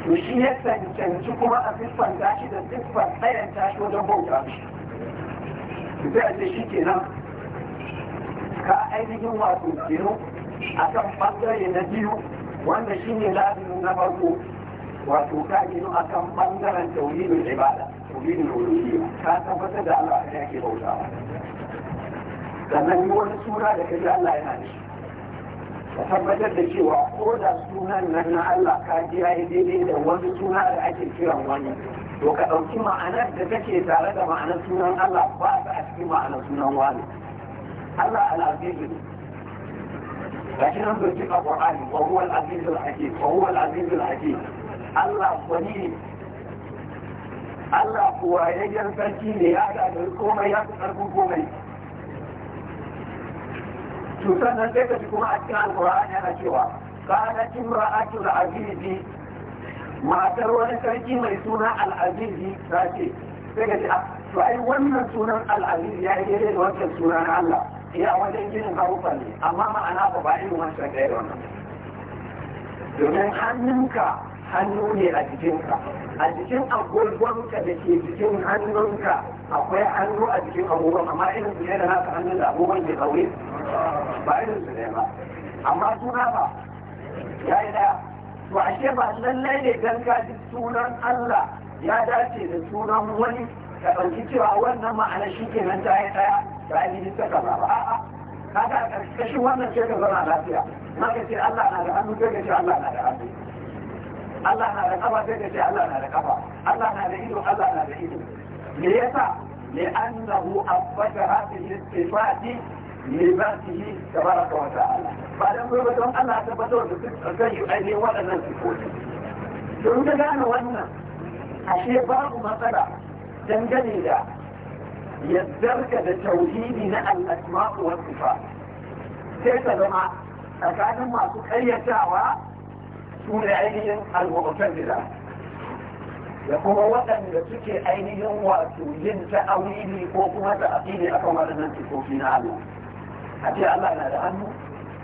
to shi ya cancanci kuma a siffanta shi da siffar tsayanta shi wajen bauta sai a ce shi kenan ka ainihin wato kero a kan ɓangare na biyu wanda shi ne lazimin na farko wato ka gino a kan ɓangaren tauhidin ibada tauhidin uluhiyya ka tabbatar da Allah ya ke bautawa sannan wani sura da kaji Allah yana da shi ka tabbatar da cewa ko da sunan nan na Allah ka ji ya daidai da wani suna da ake kiran wani to ka ɗauki ma'anar da take tare da ma'anar sunan Allah ba ta a cikin ma'anar sunan wani Allah al'azizu ga shi nan bai cika Qur'ani wa huwa al-azizu al-hakim wa huwa al-azizu al-hakim Allah wani Allah kuwa yayyan sarki ne ya ga da komai ya fi karfin komai to nan zai ka kuma a cikin alkur'ani yana cewa kana imra'atul azizi matar wani sarki mai suna al'azizi ta ce sai ka ji a ah, to ai wannan sunan al'azizi ya yi daidai da wancan suna na Allah ya wajen ginin harufa ne amma ma'ana ba ba irin wancan ɗaya da wannan domin hannunka hannu ne a jikinka a jikin agwagwanka da ke jikin hannunka akwai hannu a jikin abubuwan amma irin su ne da naka hannun da abubuwan ke kauri ba irin su ne ba amma suna ba ya yi daya to ashe ba lallai ne don gaji sunan Allah ya dace da sunan wani ka ɗauki cewa wannan ma'ana shi ke nan ta yi daya ta yi jini ta kaza ba a'a kaga a ƙarƙashin wannan sai ka zama lafiya ma ka ce Allah na da hannu sai ka ce Allah na da hannu Allah na da kafa sai ka ce Allah na da kafa Allah na da ido Allah na da ido ليس لأنه أثبت هذه الصفات لذاته تبارك وتعالى بعد بعدم يقولون الله تبتون كي أيدي ولا ننسكوت دون كان وانا أشياء بعض مثلا تنجلي لا يذكرك بتوحيدنا الأسماء والصفات كيف لما أكاد ما تخيل سوى سورة عين المعتزلة da kuma waɗanda suke ainihin wato yin ta'awili ko kuma a akan waɗannan tufofi na hannu a ce Allah na da hannu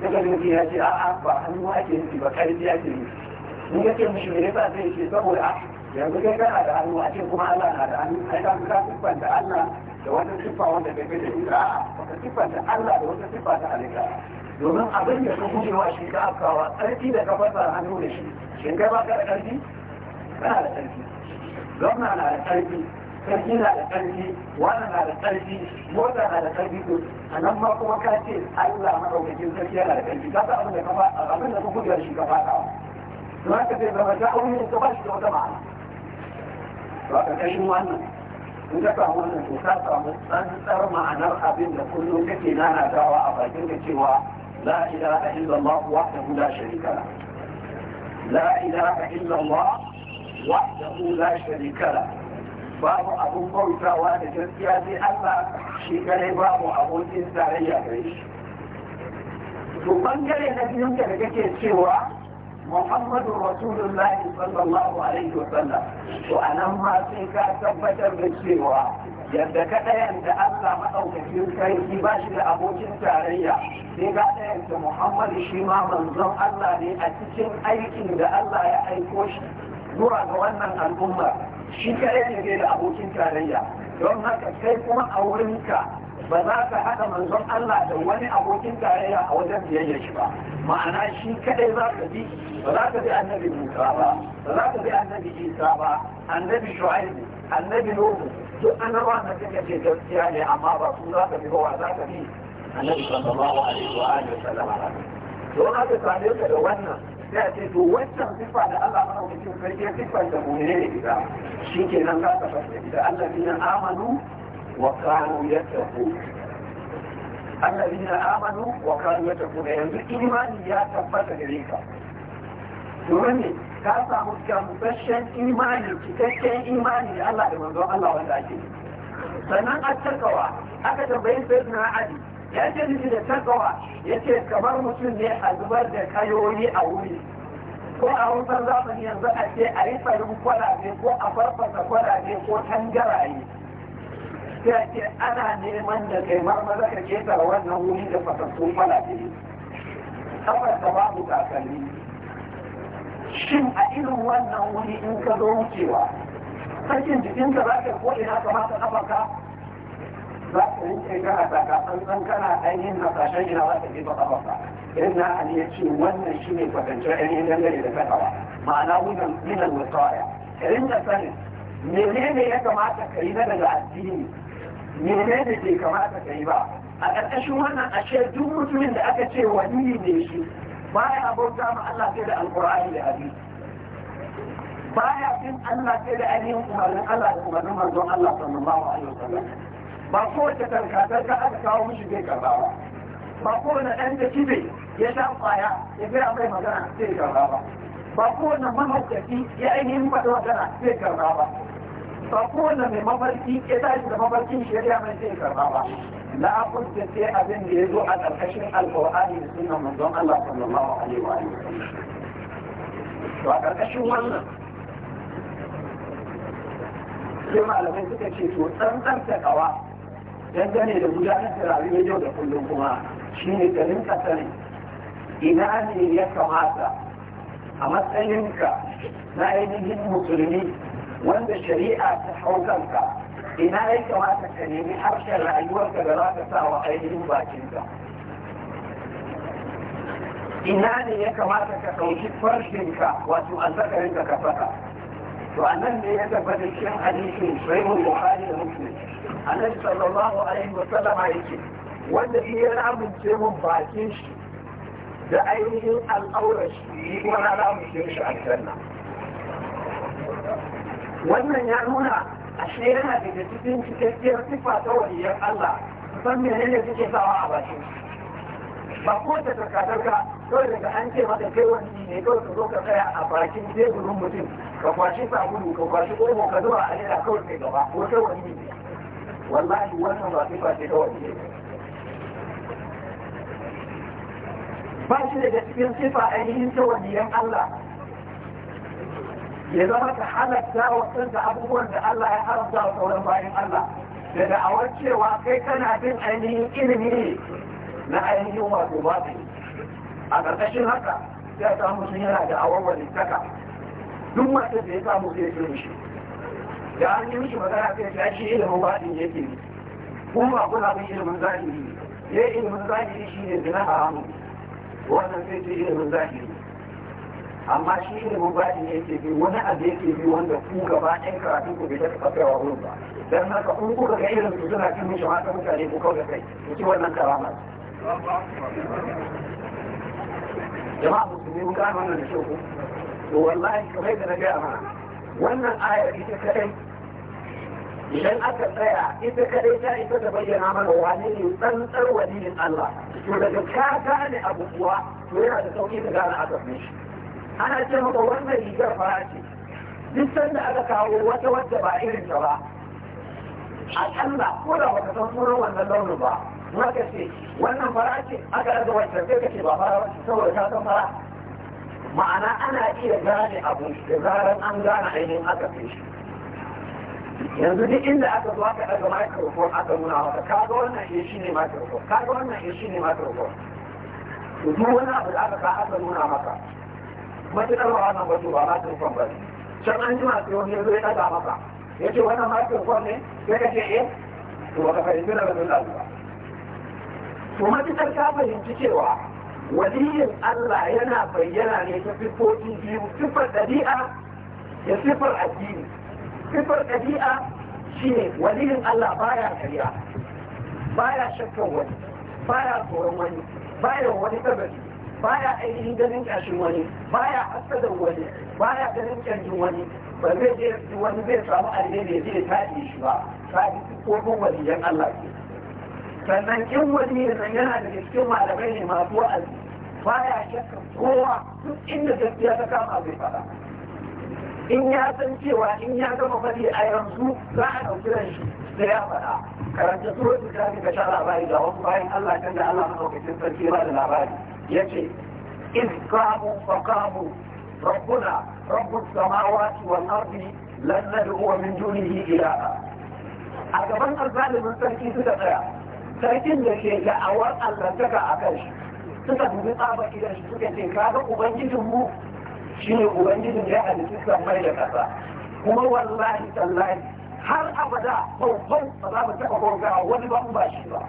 daga nufi ya ce a'a ba hannu ake yanki ba karfi ake nufi in yake mishi me yasa zai ce saboda a yanzu kai kana da hannu a ce kuma Allah na da hannu ai ka ka da Allah da wata siffa wanda bai kai da ita Wata ka da Allah da wata siffa ta halitta domin abin da ka gujewa shi ka afkawa ƙarfi da ka fasa hannu da shi shin kai ba ka da ƙarfi kana da ƙarfi gwamna na da ƙarfi sarki na da ƙarfi wani na da ƙarfi mota na da ƙarfi to a nan ma kuma ka ce allah maɗaukakin sarki yana da ƙarfi ka abin da kafa abin da kuka shi ka faɗawa don haka zai zama ta aure ka ba shi da wata ma'ana ba ka kashin wannan in ka samu wannan to ka samu tsantsar ma'anar abin da kullum kake nanatawa a bakin ka cewa la ilaha illallah wahdahu la sharika la la ilaha illallah wahdahu la sharika la babu abun bautawa da gaskiya sai Allah shi babu abokin tarayya da shi to bangare na biyun da kake cewa Muhammadu Rasulullahi sallallahu alaihi wa sallam to anan ma sai ka tabbatar da cewa yadda ka da Allah maɗaukakin sarki ba shi da abokin tarayya sai ka ɗayan da Muhammadu shi ma manzon Allah ne a cikin aikin da Allah ya aiko shi zuwa ga wannan al'umma shi kaɗai ne bai da abokin tarayya don haka kai kuma a wurinka ba za ka haɗa manzon Allah da wani abokin tarayya a wajen biyayya shi ba ma'ana shi kaɗai za ka bi ba za ka bi annabi Musa ba ba za ka bi annabi Isa ba annabi Shu'aibu annabi Nuhu duk annabawan da suka ce gaskiya ne amma ba su za ka bi ba za ka bi annabi sallallahu alaihi wa alihi wa sallam don haka same ka da wannan sai a ce to wancan siffa da Allah mana wakilin sarki ya siffa da mummune ne gida shi ke nan za ka fasa gida Allah zina amanu wa kanu ya tafu Allah zina amanu wa kanu ya tafu da yanzu imani ya tabbata gare ka domin ne ka samu gamsashen imani cikakken imani da Allah da manzon Allah wanda ake sannan a takawa aka tambayi sai na Ali Ya ce nufi da takawa yace kamar mutum ne a zubar da kayoyi a wuri ko a hausar zamani yanzu a ce a yi tsarin kwalabe ko a farfasa kwalabe ko tangaraye sai ce ana neman da kai marmaza ka ketara wannan wuri da fasassun kwalabe kafarsa babu takalmi shin a irin wannan wuri in ka zo wucewa sakin jikinka za ka ko ina kamata kafarka ba in ce ka a tsakatsantsan kana ainihin hasashen ina za ta je ba ba irin ali ya ce wannan shi ne kwatancin ainihin dangane da fatawa ma'ana wujan minan wasaya irin da sanin menene ya kamata ka yi na daga addini menene bai kamata ka yi ba a ƙarƙashin wannan ashe duk mutumin da aka ce wani ne shi baya bauta ma Allah sai da alƙur'ani da hadisi baya bin Allah sai da ainihin umarnin Allah da umarnin manzon Allah sallallahu alaihi wasallam ba kowace ka aka kawo mishi bai karba ba kowane ɗan da kibe ya sha kwaya ya gira mai magana zai karba ba ba kowane mahaukaci ya ainihin faɗi magana zai karba ba ba kowane mai mafarki ya tashi da mafarkin shi ya gira mai zai karba ba la da sai abin da ya zo a ƙarƙashin alƙawari da sunan manzon Allah sallallahu alaihi wa to a ƙarƙashin wannan sai malamai suka ce to tsantsar ta ƙawa dangane da gudanar da rayuwar yau da kullum kuma shi ne ka rinka sani ina ne ya kamata a matsayinka na ainihin musulmi wanda shari'a ta hau kanka ina ya kamata ka nemi harshen rayuwarka da za ka sa wa ainihin bakinka ina ne ya kamata ka ɗauki farshinka wato an zakarinka ka saka to a nan ne ya tabbata cikin hadisin sai mu bukhari da muslim annabi sallallahu alaihi wa sallama yake wanda shi ya ramunce mun bakin shi da ainihin al'aurar shi kuma na ramunce shi aljanna wannan ya nuna ashe yana daga cikin cikakkiyar sifa ta waliyar Allah san mene ne suke sawa a bakin ba ko ta karkatarka kawai daga an ce mata kai wani ne kawai ka zo ka tsaya a bakin teburin mutum ka kwashi sabulu ka kwashi omo ka zuba a lera kawai kai gaba ko kai wani ne والله wannan ba sifa ce kawai ba shi daga cikin sifa ainihin ta waliyan Allah ya zama ka halatta wa kanka abubuwan da Allah ya haramta wa sauran bayan Allah da da'awar cewa kai kana bin ainihin ilimi ne na ainihin wato batin a ƙarƙashin haka ya samu sun yana da'awar walittaka duk masu da ya samu zai shi da an yi mishi magana sai ya shi ilimin baɗin yake ne kuma ba kuna bin ilimin zahiri ne ya ilimin zahiri shi ne zina haramun wannan sai ce ilimin zahiri amma shi ilimin baɗin yake bi wani abu yake bi wanda ku gaba ɗan karatun ku bai ta taɓa kaiwa wurin ba dan haka in kuka ga irin su suna cin mishi haka mutane ku kawai kai ku ci wannan karamar jama'a musulmi mun gano wannan da shi ku to wallahi kamar da na gaya mana wannan ayar ita kaɗai. idan aka tsaya ita kadai ta ita ta bayyana mana wane ne tsantsar walilin Allah to daga ka gane abu kuwa to yana da sauki ka gane asabin shi ana ce maka wannan rigar fara ce duk sanda aka kawo wata wadda ba irin ta ba akalla ko da baka san sunan wannan launin ba maka ce wannan fara ce aka raga wacce sai kace ba fara wacce saboda ta san fara ma'ana ana iya gane abu da zaran an gane ainihin aka fi shi yanzu duk inda aka zo aka daga microphone aka nuna maka kaga wannan ya eh, shi ne microphone kaga wannan ya eh, shi ne microphone duk wani abu da aka sa aka nuna maka matuƙar ba wannan batu ba microphone ba can an jima sai wani yanzu ya ɗaga maka ya ce wannan microphone ne sai ka ce eh to ka fahimci daga rabin lalu ba to matuƙar ka fahimci cewa waliyin Allah yana bayyana ne ta siffofi biyu siffar ɗabi'a da siffar addini sifar ɗabi'a shine waliyin Allah baya karya baya shakkan wani baya tsoron wani baya wani tabari baya ainihin ganin ƙashin wani baya hasadar wani baya ganin ƙyanjin wani ba zai je wani zai samu alheri ya je taɗi shi ba taɗi kofin waliyan Allah ke sannan in wani ya san yana da cikin malamai ne masu wa'azi baya shakkan kowa duk inda gaskiya ta kama zai faɗa in ya san cewa in ya gama faɗi a yanzu za a ɗauki ran shi da ya faɗa karanta suratul kafi ka sha labari da wasu bayan Allah kan da Allah madaukakin sarki ba da labari yace إذ قاموا فقاموا ربنا رب السماوات والأرض لن ندعو من دونه إلها أجبان الظالم التركي تتقيا تركين لكي لأول أن لتقع أكش تتقوا بطابة إلى شتك تكاد أبنجي جمهور shi ne ubangijin ya halitta sammai da ƙasa kuma wallahi tallahi har abada bautan ba za mu taɓa gonga wani ba ba shi ba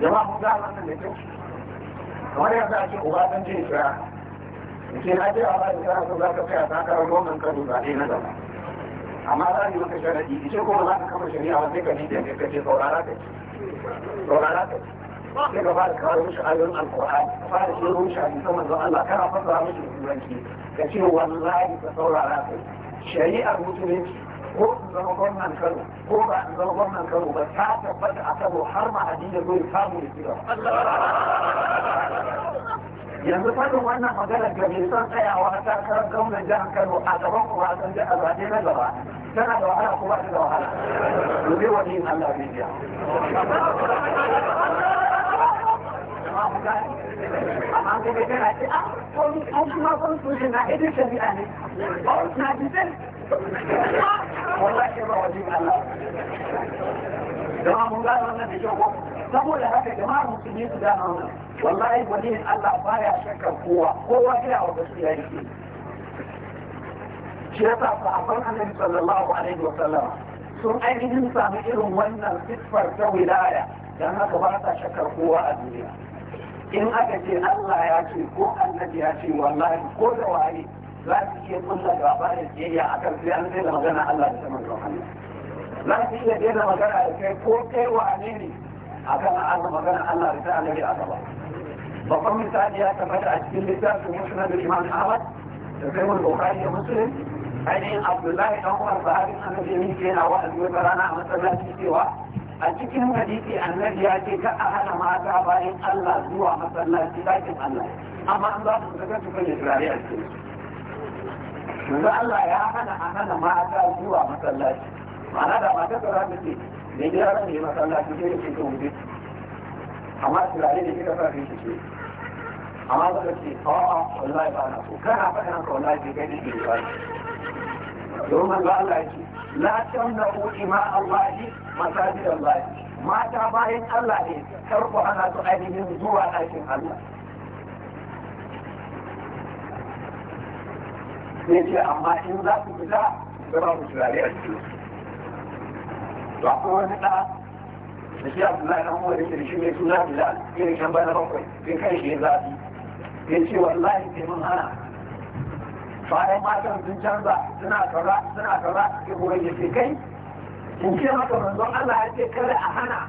jama'a mun ga wannan da kyau kamar yadda ake uba ɗan jin kira mutum na je a ba da kira ko za ka tsaya takarar gwamnan kano zaɓe na gaba amma za ni maka sharaɗi ita kuma za ka kama shari'a wanda ka ne da ka ce saurara ka ce saurara ka ce yana fara kawo mishi ayoyin alkur'ani fara shi mishi hadisan manzon Allah kana fasara mishi turanci ka ce wallahi ka saurara kai shari'ar musulunci ko in zama gwamnan Kano ko ba in zama gwamnan Kano ba ta tabbata a Kano har ma Hadija zai samu da kira yanzu fadin wannan magana ga mai son tsayawa ta karar gwamnan jihar Kano a gaban kuma a san jihar zaɓe na gaba tana da wahala kuma ta da wahala. Dobe wani yin Allah bai biya. ما قلت وش ما قلت شبي أنا قلت ما قلت والله شبه وجيب الله تمام قالوا لنا تشوفوا saboda haka jama'ar musulmi su gana wannan wallahi waliyin Allah baya shakkar kowa kowa ya wa gaskiya yake shi yasa sahabban annabi sallallahu alaihi wa sallam sun ainihin sami irin wannan siffar ta wilaya dan haka ba sa shakkar kowa a duniya in aka ce Allah ya ce ko annabi ya ce wallahi ko da waye za su iya kulla gaba da kiyayya a kan sai an daina magana Allah da manzon Allah za su iya da magana da kai ko kai wane ne a kan Allah magana Allah da ta annabi a gaba babban misali ya tabbata a cikin littafin musnad Imam Ahmad da kai wani bukari da musulun ainihin Abdullahi dan Umar sahabin annabi ne yana wa'azi wata rana a matsalar cewa a cikin hadisi annabi ya ce ka a hana mata bayan Allah zuwa masallaci dakin Allah amma an za su saka su kan Israiliya a cikin yanzu Allah ya hana a hana mata zuwa masallaci ma'ana da mata ta za ta ce da gida ran ne masallaci sai ke ta wuce amma Israiliya da kika sa shi ce amma za ka ce a'a wallahi ba na so kana faɗa haka wallahi bai gani ke ba domin Allah ya ce la tamna'u ima Allah masajid Allah mata bayan Allah ne kar ku ana su ainihin zuwa ɗakin Allah ne ce amma in za ku fita ba ku turare a cikin to akwai wani ɗa da shi Abdullahi ɗan uwa da shi mai suna Bilal irin kan bana bakwai sai kai shi ya zafi ya ce wallahi sai mun hana bayan matan sun canza suna kaza suna kaza sai kuma ya ce kai in ce maka manzon Allah ya ce kada a hana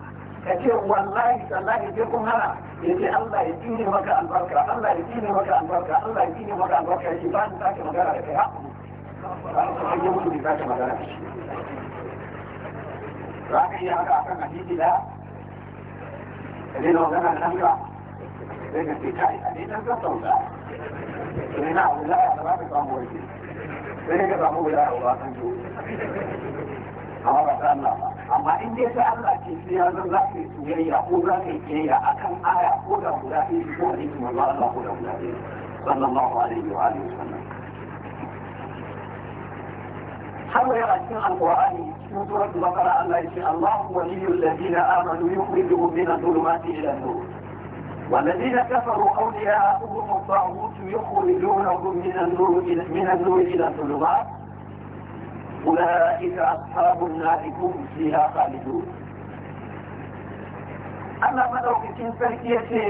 ka ce wallahi sallahi je kun hana ya ce Allah ya tsine maka albarka Allah ya tsine maka albarka Allah ya tsine maka albarka ya ce ba ni sake magana da kai ha ba ni sake mutu ni sake magana da shi za ka iya haka akan hadisi da ka na magana da nan ka sai ka ce kai a daina ka sauka sai na abu za da ba ka samu wani ne ka samu wani a wasan jiwo shawara da Allah amma in dai sai Allah ke sai ya zan zaka yi soyayya ko zaka yi kiyayya akan aya ko da guda ɗaya ko hadisi manzo Allah ko da guda ɗaya sallallahu alaihi wa alihi wasallam har wa yana cikin alqur'ani cikin suratul baqara Allah ya ce Allahu waliyul ladina amanu yukhrijuhum min adh-dhulumati ila an-nur والذين كفروا أولياءهم الطاغوت يخرجونهم من النور إلى من النور إلى الظلمات أولئك أصحاب النار هم فيها خالدون Allah madaukakin sarki ya ce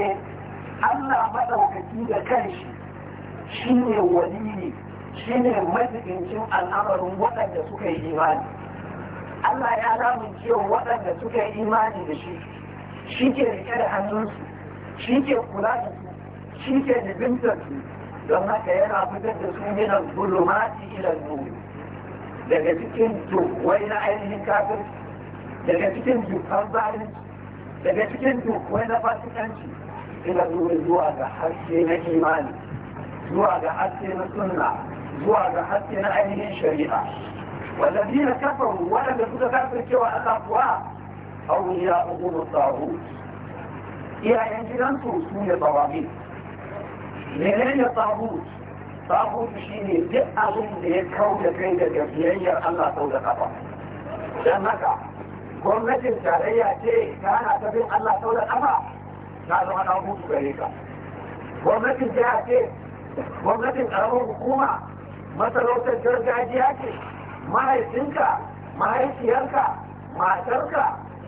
Allah madaukaki da kanshi shi ne waliyi shi ne mazikincin al'amarin waɗanda suka yi imani Allah ya ramin cewa waɗanda suka yi imani da shi shi ke rike da hannunsu shi ke kula da su shi ke nubintar don haka yana fitar da su minan zulumati ilal nuri daga cikin dukwai na ainihin kafirci daga cikin dukkan zalunci daga cikin dukwai na fasikanci ila zuwa zuwa ga harshe na imani zuwa ga harshe na sunna zuwa ga harshe na ainihin shari'a والذين كفروا ولم يكن كافر سوى الأقوى أولياؤهم الطاغوت يا أنجلان سوسوية طواغيت منين الطاغوت babu shi ne duk abin da ya kawo da kai daga biyayyar Allah sau da kafa don haka gwamnatin tarayya ce ta hana ta bin Allah sau da kafa ta zama na hutu gare ka gwamnatin jiha ce gwamnatin karamin hukuma masarautar gargajiya ce mahaifinka mahaifiyarka matarka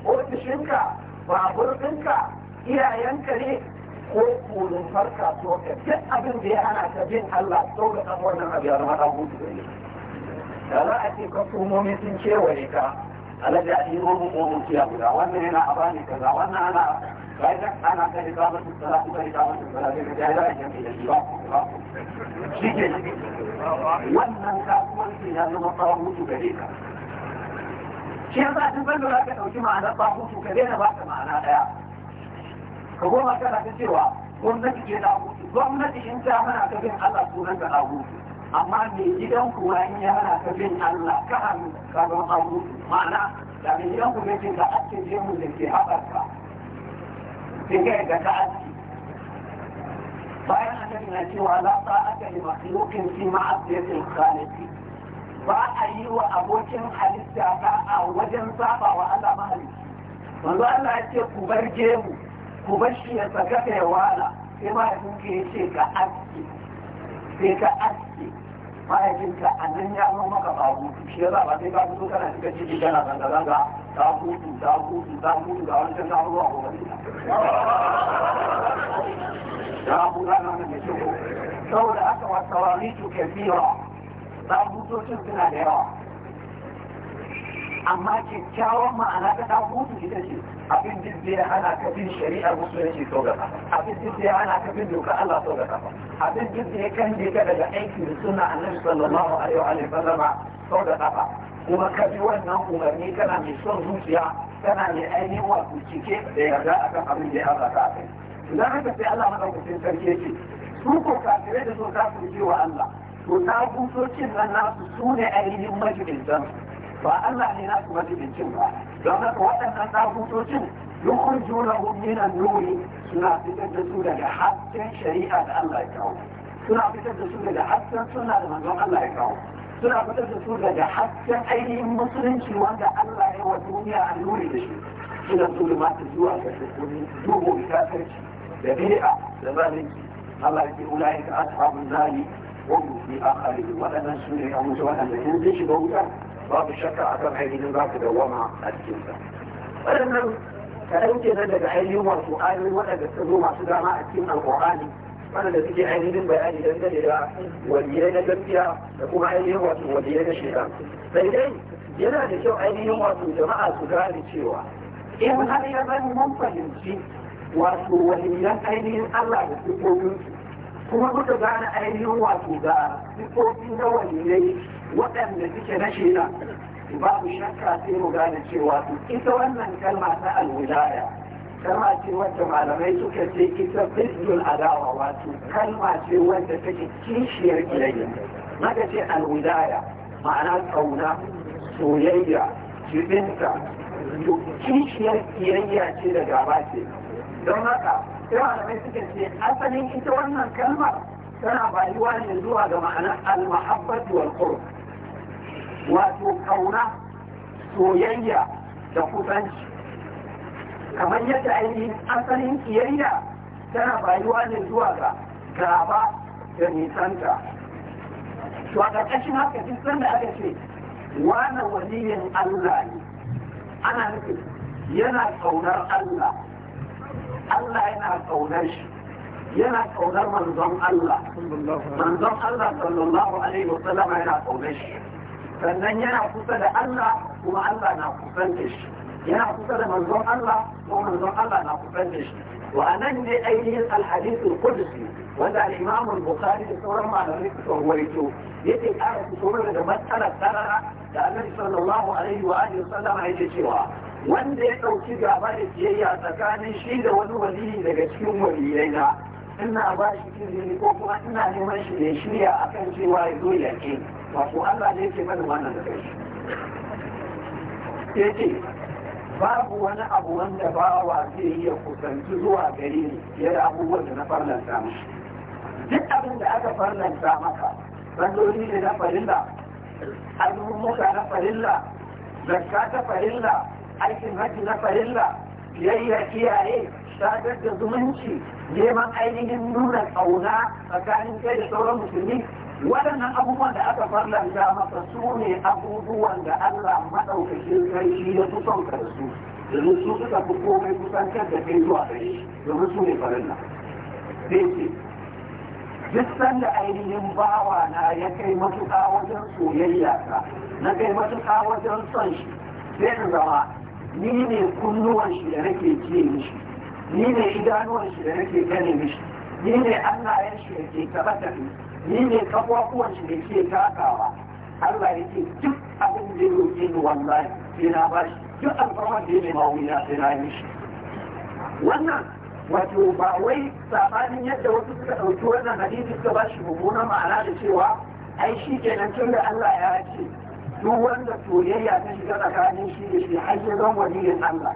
ofishinka baburɗinka iyayenka ne ko kulun har kasuwar ka duk abin da ya ana ka bin Allah sau da kan wannan abu ya zama ɗan hutu gare da za a ce kwastomomi sun kewaye ka alaji a yi romu romu kiya guda wannan yana a bani kaza wannan ana bayan ana kai ka mutu sala ku kai ka mutu sala sai ka ga ya ke shi ba ba shi ke wannan kasuwanci ya zama ɗan hutu gare ka shi yasa duk wanda za ka ɗauki ma'anar ɗan hutu ka daina ba ka ma'ana ɗaya ka goma kana ta cewa gwamnati ke na hutu gwamnati in ta mana ka bin Allah sunan ka na amma mai gidan ku in ya mana ka bin Allah ka hannu ka ga na hutu ma'ana da mai gidan ku mai cin ka ake je mu da ke haɓarka sai kai ga ta aski bayan annabi na cewa la ta'ata li makhluqin fi ma'asiyatil khaliqi ba a yi wa abokin halitta ba a wajen saba wa Allah mahalicci manzo Allah ya ce ku bar gemu ku bashi ya tsaka ya wala sai mahaifinka ya ce ka aske sai ka aske mahaifinka a nan ya zama maka ba hutu shi ya ba sai ka fito kana cikin ciki kana zanga zanga ta hutu ta hutu ta hutu ga wani can ta ruwa ko wani ta hutu ta hutu ta hutu saboda aka wasa wani tu kafira ta hutocin suna da yawa amma kyakkyawan ma'ana ta hutu ita ce abin da ya hana ka bin shari'ar musulunci sau da kafa abin da ya hana ka bin doka Allah sau da kafa abin da ya kan ka daga aiki da suna annabi sallallahu alaihi wa sallam sau da kafa kuma ka bi wannan umarni kana mai son zuciya kana mai ainihin wato cike da yarda akan abin da ya haka ka akai idan haka sai Allah madaukakin sarki yake su ko kafirai da so za su wa Allah to na kusocin nan nasu su ne ainihin majalisansu to Allah ne na kuma jibincin ba don haka waɗannan tsabutocin yukhrijunahum min an-nuri suna fitar da su daga hasken shari'a da Allah ya kawo suna fitar da su daga hasken suna da manzon Allah ya kawo suna fitar da su daga hasken ainihin musulunci wanda Allah ya wa duniya a nuri da shi suna zulumata zuwa ga shukuri dubu kafirci da bid'a da zalunci Allah ya ce ulaika ashabun zali wa hum fi akhirin wadannan su ne a musu wadanda in sun shiga wuta باب الشفاعة كم هي دينا كده وما أتسوها ولكن فأنت هذا بعين يوم سؤال ولا تسألوا مع سدى ما أتسوها القرآن فأنا نتيجة عيني من بيان جنة لله وليين جنبها تكون عيني هو وليين شيطان فإذن جنة تسوى عيني يوم سوى جماعة سدى شيوا إن هذا يبان منفهم شيء واسو وليين عيني الله يسوى كما قلت بعنا عيني هو سوى جماعة سدى وليين شيطان waɗanda suke na shida babu shakka sai mu gane cewa ita wannan kalma ta alwilaya kalma ce wadda malamai suka ce ita fiddul adawa wato kalma ce wadda take kishiyar kiyayya maka ce alwilaya ma'ana kauna soyayya jibinta kishiyar kiyayya ce da gaba ce don haka sai malamai suka ce asalin ita wannan kalmar tana bayuwa ne zuwa ga ma'anar al-mahabbatu wal qurb wato kauna soyayya da kusanci kamar yadda ainihin asalin kiyayya tana bayuwa ne zuwa ga gaba da nisanta to a ƙarƙashin haka duk sanda aka ce wani waliyin Allah ne ana nufin yana ƙaunar Allah Allah yana ƙaunar shi yana ƙaunar manzon Allah manzon Allah sallallahu alaihi wasallam yana ƙaunar shi sannan yana kusa da Allah kuma Allah na kusan da shi yana kusa da manzon Allah kuma manzon Allah na kusan da shi wa anan ne ainihin alhadisul qudsi wanda al-Imam al-Bukhari da sauran malamai suka rawaito yake ƙara fito da matsalar tarara da Annabi sallallahu alaihi wa alihi wasallam yake cewa wanda ya dauki gaba da kiyayya tsakanin shi da wani waliyi daga cikin waliyai na ina ba shi izini ko kuma ina neman shi ya shirya a kan cewa ya zo ya ke wato Allah ne ke mana wannan da kai ya ce babu wani abu wanda bawa zai iya kusanci zuwa gare ni fiye da abubuwan da na farlanta mashi duk abin da aka farlanta maka randoli ne na farilla azumumuka na farilla zakka ta farilla aikin hajji na farilla biyayya iyaye شاگرد یا زمانچی یہ من اینی نون اونا فکانی کے دور مسلمین ولن ابو من اتا فرلا جا مقصون ابو دوان دا اللہ مدو کشن کریشی دا تسان کرسوس رسوس تا بکو میں کسان کیا دا کنجو آتش رسوس فرلا دیتی جسن لأيدي مباوانا يكي مطلقا وجنسو يلياكا نكي مطلقا وجنسنش بين زوا نيني كنوانش لنكي جينش ni ne idanuwan shi da nake gane mishi ni ne hannayen shi da ke taba tafi ni ne kafafuwan shi da ke takawa Allah ya ce duk abin da ya roƙe ni wallahi sai na ba shi duk alfarmar da ya nema wuyana sai na yi mishi wannan wato ba wai sabanin yadda wasu suka ɗauki wannan hadisi suka ba shi mummunan ma'ana da cewa ai shi kenan tun da Allah ya ce duk wanda soyayya ta shiga tsakanin shi da shi har ya zan waliyin Allah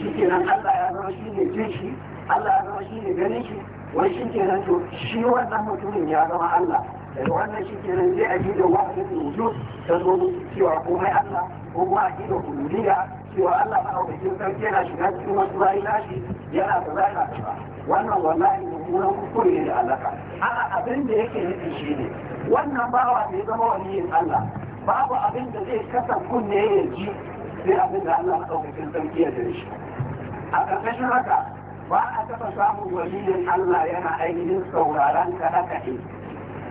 shi kenan Allah ya zama shi ne jin shi Allah ya zama shi ne ganin shi wani shi kenan to shi wannan mutumin ya zama Allah daga wannan shi kenan zai a ji da wa'adin wujud ta zo cewa komai Allah ko kuma a ji da kululiya cewa Allah ba a sarki yana shiga cikin wasu bayi nashi yana da zaka ba wannan wallahi mummunan kuskure ne da alaka a'a abin da yake nufi shi ne wannan bawa bai zama waliyin Allah babu abin da zai kasa kunne ya ji sai abin da Allah ɗaukakin sarki ya da shi a ƙarƙashin haka ba a taɓa samun walilin Allah yana ainihin sauraron kaɗe-kaɗe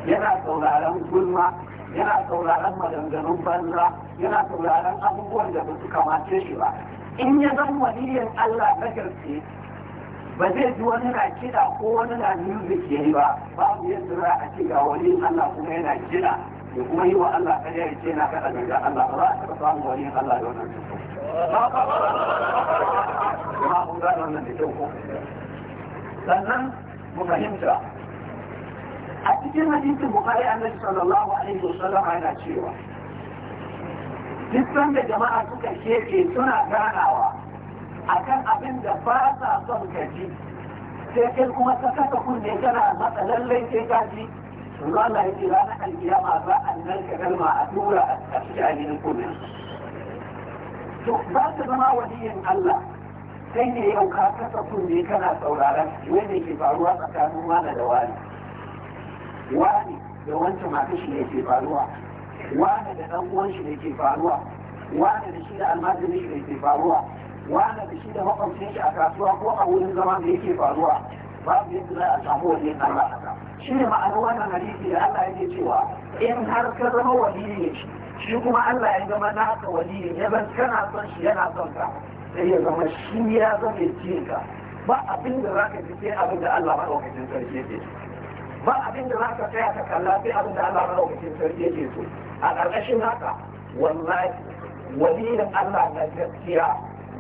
yana sauraron gulma yana sauraron maganganun banza yana sauraron abubuwan da ba su kamace shi ba in ya zan waliyin Allah na gaske ba zai ji wani na kiɗa ko wani na music ya yi ba babu yadda za a ci ga waliyin Allah kuma yana kiɗa ya kuma yi wa Allah kariya ya ce na kaɗa daga Allah ba za a taɓa samun waliyin Allah da wannan jama'a gane wannan da kyau ko sannan mu fahimta a cikin hadisin bukari annabi sallallahu alaihi wasallam yana cewa duk da jama'a suka sheke suna ganawa akan abin da ba sa son kaji sai kai kuma ta kasa kunne kana matsa lallai sai kaji Allah ya ce ranar alkiyama za a nan ka kalma a tura a cikin ainihin kunne to ba ta zama waliyin Allah sai ne yau ka kasa kunne kana sauraron wanda ke faruwa tsakanin wani da wani wani da wancan mata shi ne ke faruwa wani da dan uwan shi ne ke faruwa wani da shi da almajiri shi ne ke faruwa wani da shi da makwabcin shi a kasuwa ko a wurin zama da yake faruwa babu yadda za a samu wani Allah shi ne ma'anar wannan hadisi da Allah yake cewa in har ka zama waliyin shi shi kuma Allah ya zama naka waliyin ya zan kana son shi yana son ka sai ya zama shi ya zama jinka ba abin da za ka ji sai abin da Allah maɗaukacin sarki ce ba abin da za ka tsaya ka kalla sai abin da Allah maɗaukacin sarki ce so a ƙarƙashin haka wallahi walilin Allah na gaskiya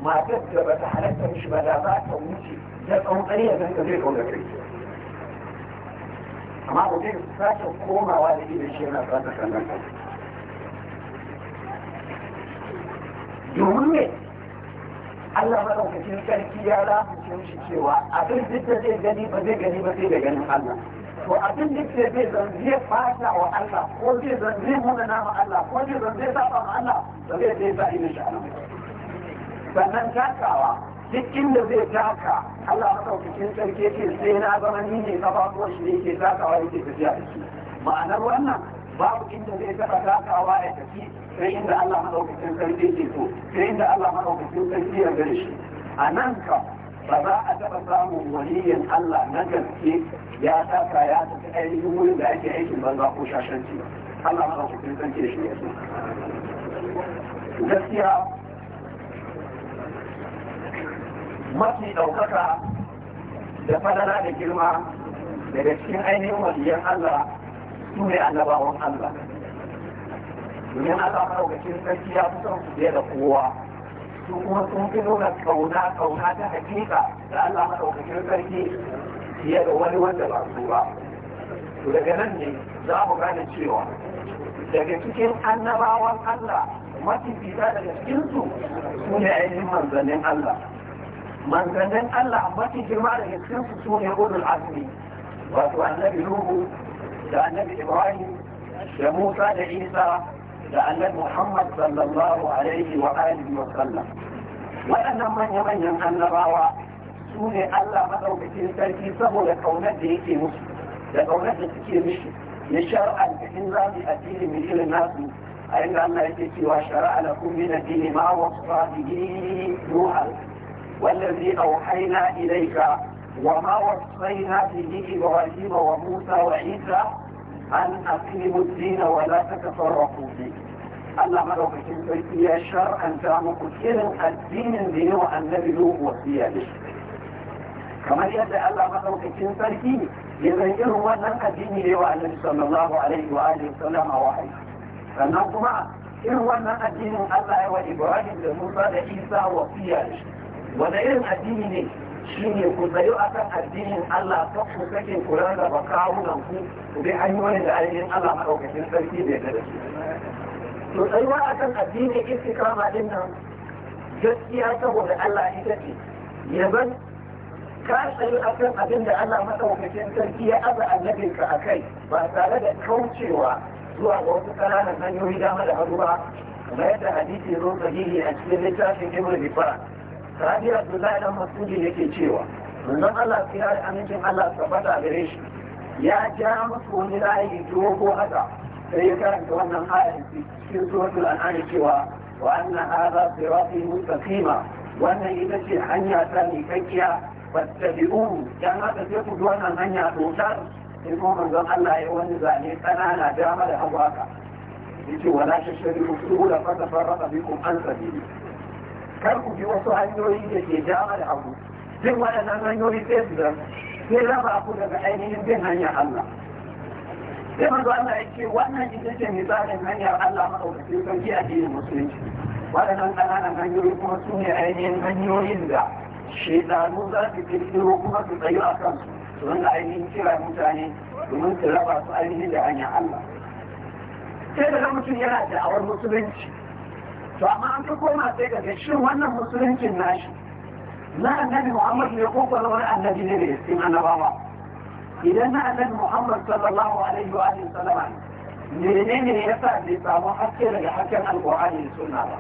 matar da ba ta halatta shi ba da za ta wuce da tsawon ya zanka zai kauna kai amma mutum sake komawa da idan shi yana kan kallon kai domin me Allah maɗaukacin sarki ya lamunce shi cewa abin duk da zai gani ba zai gani ba sai da ganin Allah to abin duk da zai zanzi zai fata wa Allah ko zai zanzi zai muna nama Allah ko zai zanzi zai saba ma Allah ba zai zai sa ina shi Allah sannan takawa duk inda zai taka Allah maɗaukacin sarki yake sai na zama ni ne kafafuwan shi ne ke takawa yake tafiya da shi ma'anar wannan babu inda zai taɓa takawa ya tafi sai inda Allah maɗaukacin sarki ke so sai inda Allah maɗaukacin sarki ya gare shi a nan ka ba za a taɓa samun waliyan Allah na gaske ya taka ya tafi ainihin wurin da ake aikin banza ko shashanci Allah maɗaukacin sarki da shi ya so gaskiya mafi ɗaukaka da fadara da girma daga cikin ainihin waliyan Allah su ne annabawan Allah domin Allah maɗaukacin sarki ya fi son su fiye da kowa su kuma sun fi nuna kauna kauna ta hakika da Allah maɗaukacin sarki fiye da wani wanda ba su ba to daga nan ne za mu gane cewa daga cikin annabawan Allah mafi fita daga cikinsu su ne ainihin manzannin Allah manzannin Allah mafi girma daga cikinsu su ne ulul azmi wato annabi Nuhu لأن إبراهيم لموسى لعيسى لأن محمد صلى الله عليه وآله وسلم وأنا من يمن أن نراوى سنة ألا مدعو بتلك الكيسه لكونته في مسلم لكونته في مسلم لشرع الإنزام أتيه من كل الناس أين أن يتكي وشرع لكم من الدين ما وصفى به نوحا والذي أوحينا إليك وما وصينا به ابراهيم وموسى وعيسى ان اقيموا الدين ولا تتفرقوا فيه الله ما لو كنت يا شر ان تعموا كثيرا الدين الدين وان نبلوا وفيا به كما يدى الله ما لو كنت يغيره ونن الدين لي وعلى صلى الله عليه واله وسلم واحد فنقوم إرونا الدين الله وإبراهيم لموسى لعيسى وفيا به ولئن الدين لي shine ku tsayo a kan addinin Allah ta ku kake kula da bakawunan ku ku bi hanyoyin da ainihin Allah maɗaukacin sarki bai da su. To tsayuwa a kan addinin istikrama ɗin nan gaskiya saboda Allah ita ce yaban ka tsayu a kan abin da Allah maɗaukacin sarki ya aza annabinka a kai ba tare da kaucewa zuwa ga wasu ƙananan hanyoyi dama da haɗuwa kamar yadda hadisi zo sahihi a cikin littafin Ibn Bifara. rabi abdullahi dan masudi ke cewa manzon Allah su yi amincin Allah a gare shi ya ja masu wani layi dogo haka sai ya karanta wannan ayar cikin suratul an'am cewa wa anna hadha sirati mustaqima wannan ita ce hanya ta mikakkiya fattabi'u dan haka sai ku wannan hanya dotar sai kuma manzon Allah ya wani zane kanana dama da hagu haka yace wala tashriku da fa bikum an sabili kar ku bi wasu hanyoyi da ke jawo da abu duk waɗannan hanyoyi sai su sai raba abu daga ainihin bin hanyar Allah sai manzo Allah ya ce wannan ita ce misalin hanyar Allah maɗaukaki sarki a cikin musulunci waɗannan ƙananan hanyoyi kuma su ne ainihin hanyoyin da shaidanu za su kirkiro kuma su tsayu a kansu su rinka ainihin kira mutane domin su raba su ainihin da hanyar Allah sai da mutum yana da'awar musulunci to amma an fi koma sai ga shin wannan musuluncin nashi na annabi muhammad ne ko kwanar wani annabi ne da ya sin annabawa idan na annabi muhammad sallallahu alaihi wa alihi sallama menene ne yasa bai samu haske daga hasken alqur'ani da sunna ba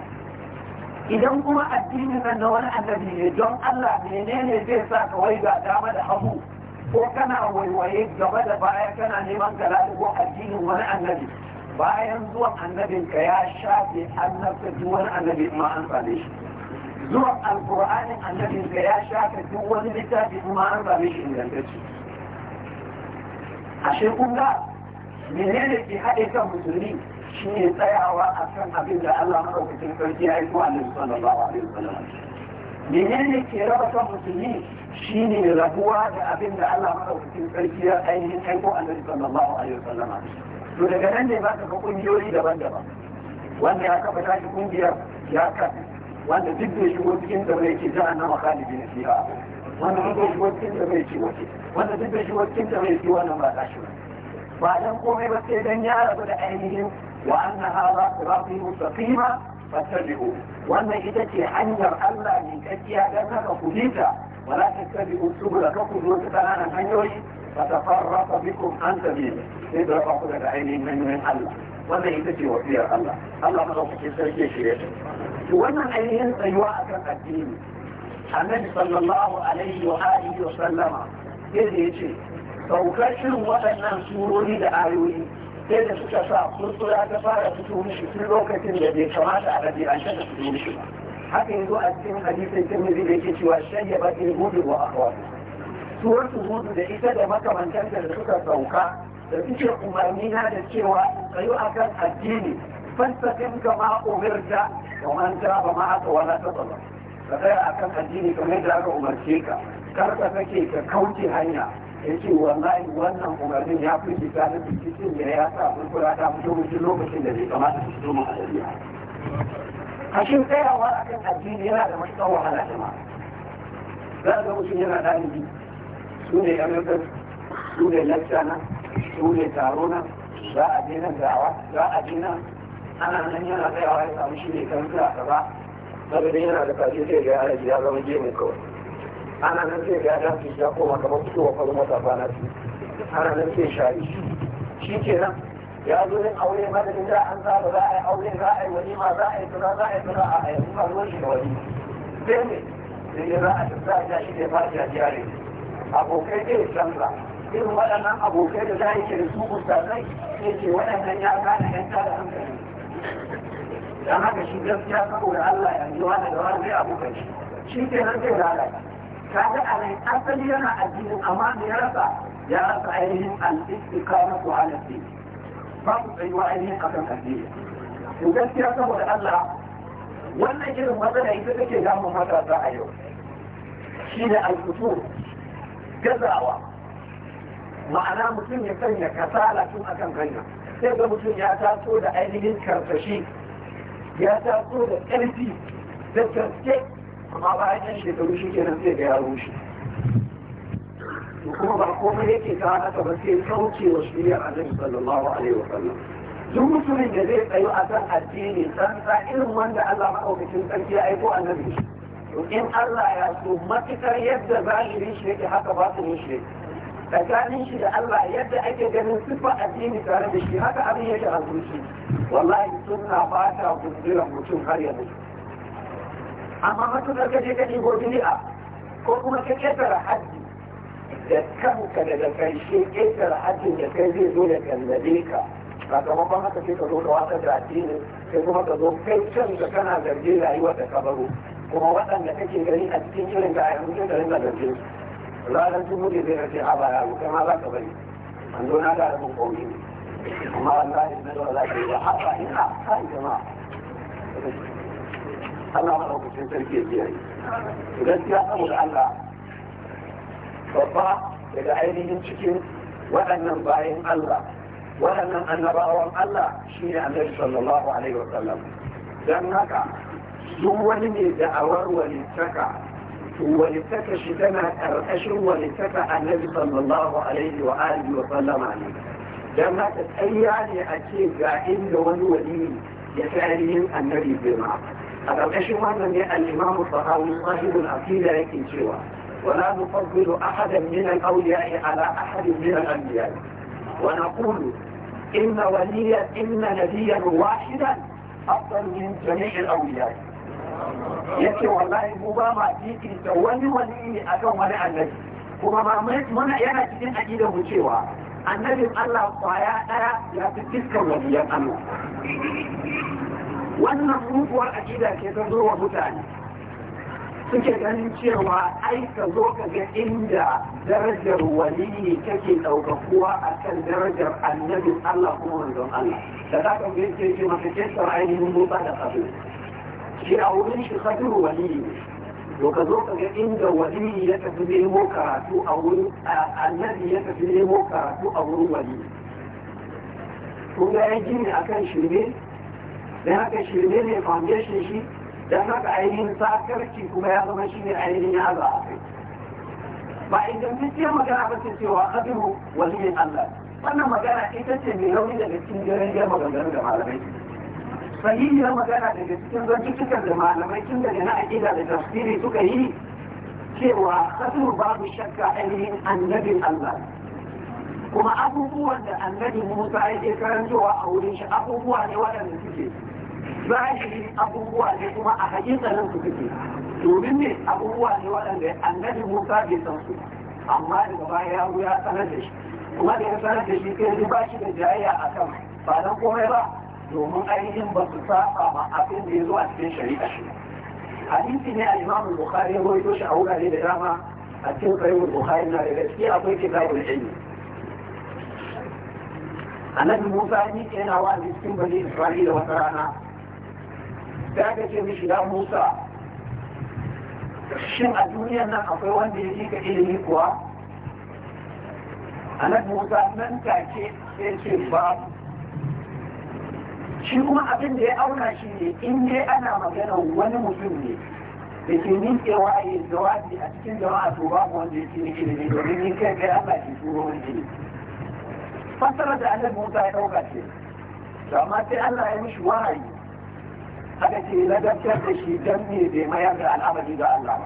idan kuma addinin nan na wani annabi ne don Allah menene zai sa ka wai ga dama da hagu ko kana waiwaye gaba da baya kana neman galaɗi ko addinin wani annabi bayan zuwan annabin ka ya shafe annabta duk annabi ma an same shi zuwan annabin ka ya shafe duk wani littafi ma an same shi ingantacce ashe kun ga menene ke haɗe kan musulmi shi ne tsayawa a kan abin da Allah maɗaukacin sarki ya aiko annabi sallallahu alaihi wasallam menene ke raba kan musulmi shi ne rabuwa da abin da Allah maɗaukacin sarki ya ainihin aiko annabi sallallahu alaihi wasallam to daga nan ne za ka ga kungiyoyi daban-daban wanda ya kafa tashi kungiyar ya kan wanda duk da shigo cikin da bai ce jahannama khalidi na fiha wanda duk da shigo cikin da bai ce wace wanda duk da shigo cikin da bai ce wannan ba ta shi ba dan komai ba sai dan ya rabu da ainihin wa anna hadha sirati mustaqima fattabi'u wannan ita ce hanyar Allah ne kakkiya dan haka ku bi ta wala tattabi'u subula ka ku zo ta kananan hanyoyi فتفرق بكم عن سبيله إذا فأخذ العينين من من الله وما يتجي وفير الله الله خلص في سيدي شيخ وما العينين سيواءك الدين النبي صلى الله عليه وآله وسلم إذ يجي فأكشر وأنا سوروني لآيوني إذا سكسا قلت لا تفارق تتونيش في الوقت الذي سمعت على ذي أنشأ تتونيش حتى يدو أسكن حديث الترمذي بيكي سوى الشيء بدل غدر وأخواته suwar hudu da ita da makamantan da suka sauka da suke umarni na da cewa tsayo a kan addini fansafin umar da kamar ta ba ma aka wani ta ba ka tsaya a kan addini kamar yadda aka umarce ka kar ka sake ka kauce hanya ya ce wannan umarnin ya fi shiga na cikin da ya sa kurkura ta fito mutu lokacin da bai kamata su fito a dariya tsayawa a kan addini yana da matuƙar wahala jama'a za a ga mutum yana ɗalibi su ne yan yankan su ne lakta nan su ne taro nan za a je nan dawa za a je nan ana nan yana tsayawa ya samu shi ne kan sa gaba saboda yana da kashi sai ga yana gida zama gemu kawai ana nan sai ga yana fita koma kamar fitowa kwallon wata kwana su ana nan sai shari shi kenan ya zo yin aure madadin da an saba za a yi aure za a yi wani ma, za a yi tura za a yi tura a yi ba ruwan shi da wani sai ne sai ya za a shi za a shi da ya fara jajiya ne abokai zai canza irin waɗannan abokai da za a yi da su mutane sai ke waɗannan ya gane yan tada hankali Don haka shi gaskiya saboda Allah ya yi wani da wani abokai shi shi ke nan zai lalata kaga a nan asali yana addini amma da ya rasa ya rasa ainihin al-istiqama ko halatti babu tsayuwa ainihin kasan addini to gaskiya saboda Allah wannan irin matsala ita take damun matasa a yau shi ne al gazawa ma'ana mutum ya sanya kasala tun a kan hanya sai ga mutum ya taso da ainihin karfashi ya taso da ƙarfi da gaske amma bayan yan shekaru shi kenan sai ga ya rushe kuma ba komai yake ta haka ba sai sauke wa shirya a annabi sallallahu alaihi wa sallam duk mutumin da zai tsayo a kan addini tsantsa irin wanda Allah maɗaukacin tsarki ya aiko annabi to in Allah ya so matukar yadda zahirin shi yake haka ba su shi tsakanin shi da Allah yadda ake ganin siffa addini tare da shi haka abin yake a zuci wallahi sunna ba ta kunduran mutum har yanzu amma matukar ka je ka ɗigo ko kuma ka ƙetare haddi da kanka daga ƙarshe ƙetare haddin da kai zai zo da kallabe ka sakamakon haka sai ka zo ka wasa da addini sai kuma ka zo kai can da kana zargin rayuwar da ka baro kuma waɗanda kake gani a cikin irin da ayyukan cikin garin da zance su ranar sun mutu zai rashin haɓa ya rufe ma za ka bari an zo na gara mun komi ne amma wallahi na zuwa za ka yi ba haɓa ina kai jama'a Allah ma ɗaukacin sarki ya biya yi gaskiya saboda Allah babba daga ainihin cikin waɗannan bayan Allah waɗannan annabawan Allah shi ne annabi sallallahu alaihi wa sallam dan haka يولي إذا أور ولتكع ولتكع شتمع ولتكع النبي صلى الله عليه وآله وسلم عليه لما تتأياني أكيد قائم لون ولين يسألهم النبي بما الأشر وانا من الإمام الطهاوي صاحب الأصيل لكن سوى ولا نفضل أحدا من الأولياء على أحد من الأنبياء ونقول إن وليا إن نبيا واحدا أفضل من جميع الأولياء ya ce wallahi mu ba ma jikin da wani wani ne a kan wani annabi kuma ma muna yana cikin aƙida mu cewa annabin Allah kwaya ɗaya ya fi fiskar waliyan Allah wannan mutuwar aƙida ke ta zo wa mutane suke ganin cewa ai ka zo ka ga inda darajar ne take ɗaukakuwa a kan darajar annabin Allah kuma wanzan Allah da za ka ga yake ce masa kesar ainihin motsa da kafin shi a wurin shi kadiru waliyu to ka zo ka ga inda waliyu ya tafi nemo karatu a wurin annabi ya tafi nemo karatu a wurin waliyu kun ga yan gini a kan shirme don haka shirme ne foundation shi don haka ainihin sakarci kuma ya zama shi ne ainihin ya za a kai ba ingantacciyar magana ba ce cewa kadiru waliyin Allah wannan magana ita ce mai rauni daga cikin jirgin maganganu da malamai sahihiyar magana daga cikin zantukan da malamai tun daga na aƙida da tafsiri suka yi cewa kasuru babu shakka ainihin annabin Allah kuma abubuwan da annabi Musa ya ke karantowa a wurin shi abubuwa ne waɗanda suke zahiri abubuwa ne kuma a hakikanin su suke domin ne abubuwa ne waɗanda annabi Musa bai san su amma daga baya ya ya sanar da shi kuma da ya sanar da shi sai ba shi da jayayya akan ba dan komai ba domin ainihin ba su saba ba abin da ya zo a cikin shari'a shi hadisi ne al-imam bukhari ya rawaito shi a wurare da dama a cikin sahih bukhari na da gaskiya akwai kitabul ilmi annabi musa ni ke yana wa cikin bani isra'ila wata rana sai aka ce mishi ya musa shin a duniyan nan akwai wanda ya ka ilimi kuwa annabi musa nan take sai ce babu shi kuma abin da ya auna shi ne in dai ana magana wani mutum ne da ke ninkewa a yi jawabi a cikin jama'a to babu wanda ya ce nake da ne domin ni kai kai Allah ke turo wani ne fassara da Allah Musa ya dauka ce to amma sai Allah ya mishi wahayi aka ce ladabtar da shi dan ne bai mayar da al'amari ga Allah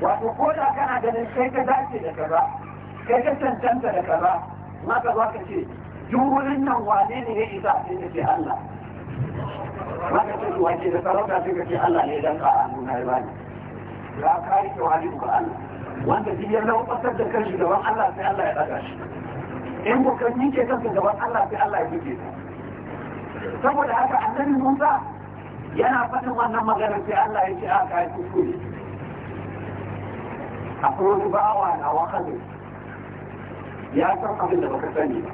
ba wato ko da kana ganin sai ka dace da kaza kai ka cancanta da kaza maka ba ka ce duk wurin nan wane ne ya isa sai da ke Allah wanda ta zuwa ce da sarauta sai ka ce Allah ne dan ka a nuna ya bani ya kai ta wani ga Allah wanda duk ya lauƙatar da kanshi gaban Allah sai Allah ya daga shi in ko kan ke kanka gaban Allah sai Allah ya buge ka saboda haka annabi Musa yana fatan wannan magana sai Allah ya ce a kai kuskure akwai wani bawa na wahalin ya san abin da baka sani ba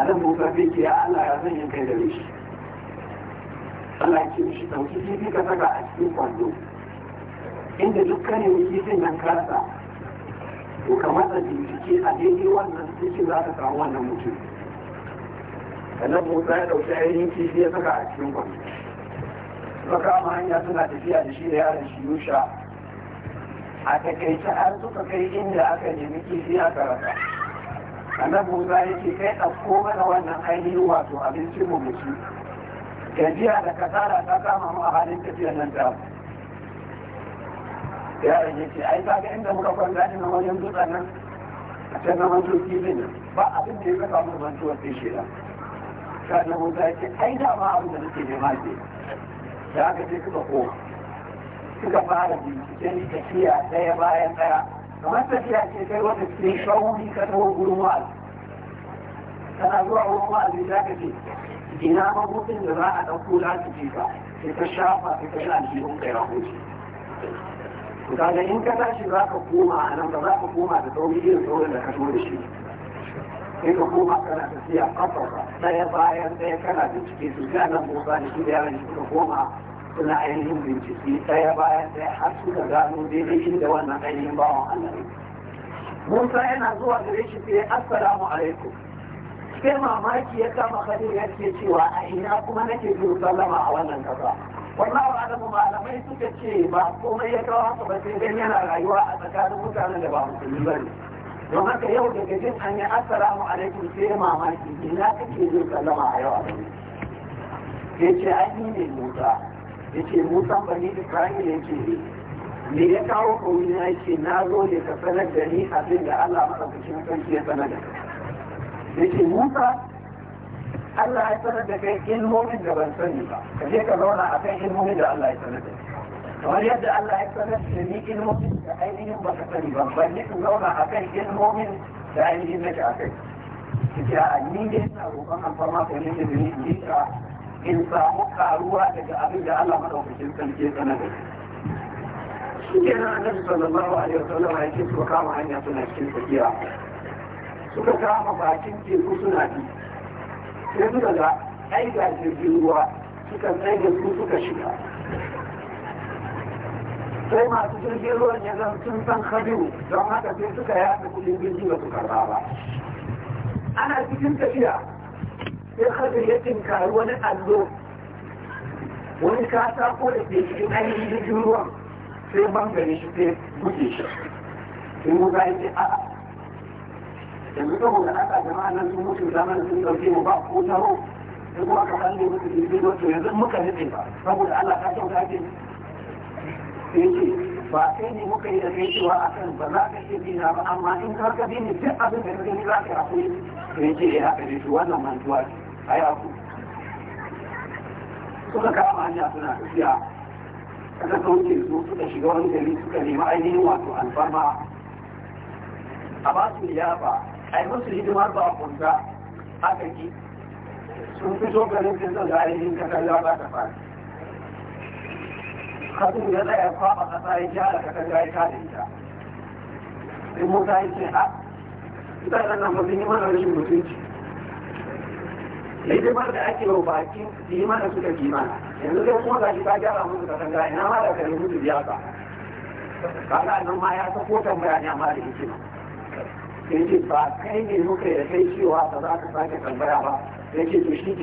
a nan Musa sai ya Allah ya san yin kai da shi Allah ce shi ɗauki kifi ka saka a cikin kwando inda dukkanin kifin nan kasa to ka matsa bincike a daidai wannan cikin za ka samu wannan mutum sannan musa ya ɗauki ainihin kifi ya saka a cikin kwando suka kama hanya suna tafiya da shi da yaron shi yusha a takaice har suka kai inda aka nemi kifi a karasa. annabi musa ya ce kai ɗauko mana wannan ainihin wato abincin mu mutum tafiya da kasara ta kama mu a halin tafiyar nan ta ya rage ce ai ta ga inda muka kwanta ne na wajen dutsen nan a can na manto kifin ba abin da ya kasa mu manto wata shida sannan mun ta ce ai da ma abin da nake nema ke da aka ce suka koma suka fara binciken tafiya ɗaya bayan ɗaya kamar tafiya ce kai wata cikin shauri ka taho gurin wa'azi tana zuwa wurin wa'azi za ka ce ina mabudin da za a ɗauko lasifi ba sai ka shafa sai ka sha in kai rahoto kaga in ka tashi za ka koma a nan ba za ka koma da sauri irin saurin da ka so da shi in ka koma kana a kafa ɗaya bayan ɗaya kana bincike su ga nan motsa da shi da yaran shi ka koma suna ainihin bincike ɗaya bayan ɗaya har suka gano daidai inda wannan ainihin bawan Allah ne. Musa yana zuwa gare shi sai assalamu alaikum. sai mamaki ya kama kadir ya ce cewa a ina kuma nake biyu sallama a wannan kasa wannan da malamai suka ce ba komai ya kawo haka ba sai dai yana rayuwa a tsakanin mutanen da ba musulmi ba ne don haka yau daga jin an yi assalamu alaikum sai mamaki ina kake biyu sallama a yau a ya ce an yi ne musa ya ce ni da kayan ya ce me ya kawo kawai na ce na zo ne ka sanar da ni abin da allah maɗaukacin sarki ya sanar da ka yake musa Allah ya sanar da kai ilmomin da ban sani ba ka je ka zauna a kan ilmomin da Allah ya sanar da kamar yadda Allah ya sanar da ni ilmomin da ainihin ba ka sani ba ban ka zauna a kan ilmomin da ainihin nake a kai ki a ni ne ina roƙon alfarma ka yi da ni in ka in samu karuwa daga abin da Allah madaukakin sarki ya sanar da shi kenan annabi sallallahu alaihi wasallam ya ce su kama hanya suna cikin tafiya suka kama bakin teku suna bi sai suka ga ai ga jirgin ruwa suka tsaye da su suka shiga sai masu jirgin ruwan ya zan sun san habiru don haka sai suka yaɗa kudin jirgin da su karba ba ana cikin tafiya sai habiru ya tinkari wani allo wani ko da ke cikin ainihin jirgin ruwan sai bangare shi sai guje shi sai mu ga a'a yanzu duhun da aka jama'a nan sun mutu da nan sun dauke mu ba ko taro sai kuma ka kalle muku jirgin wato yanzu muka nufi ba saboda Allah ka kyauta ke sai ce ba sai ne muka yi da kai cewa akan ba za ka ce dina ba amma in har ka dini duk abin da ka gani za ka hakuri to yake ya haka da shi wannan mantuwa a yi haku suka kama hanya suna tafiya kada ka wuce su suka shiga wani gari suka nemi ainihin wato alfarma a ba su liyafa a yi musu hidima ba a kunta haka ki sun fito ganin sun zan ainihin katanga ba ta fara kasu ya tsaya kwaba kasa ya gyara katanga ya kada ita sai musa ya ce a ita nan ba sun yi mana rashin mutunci hidimar da ake yau baki su yi mana suka ji mana yanzu sai kuma gashi ta gyara musu katanga ina ma da kare musu biya ba kaga nan ma ya sako tambaya ne amma da hikima sai ba kai ne muka shi cewa ba za ka sake tambaya ba yake to shi ke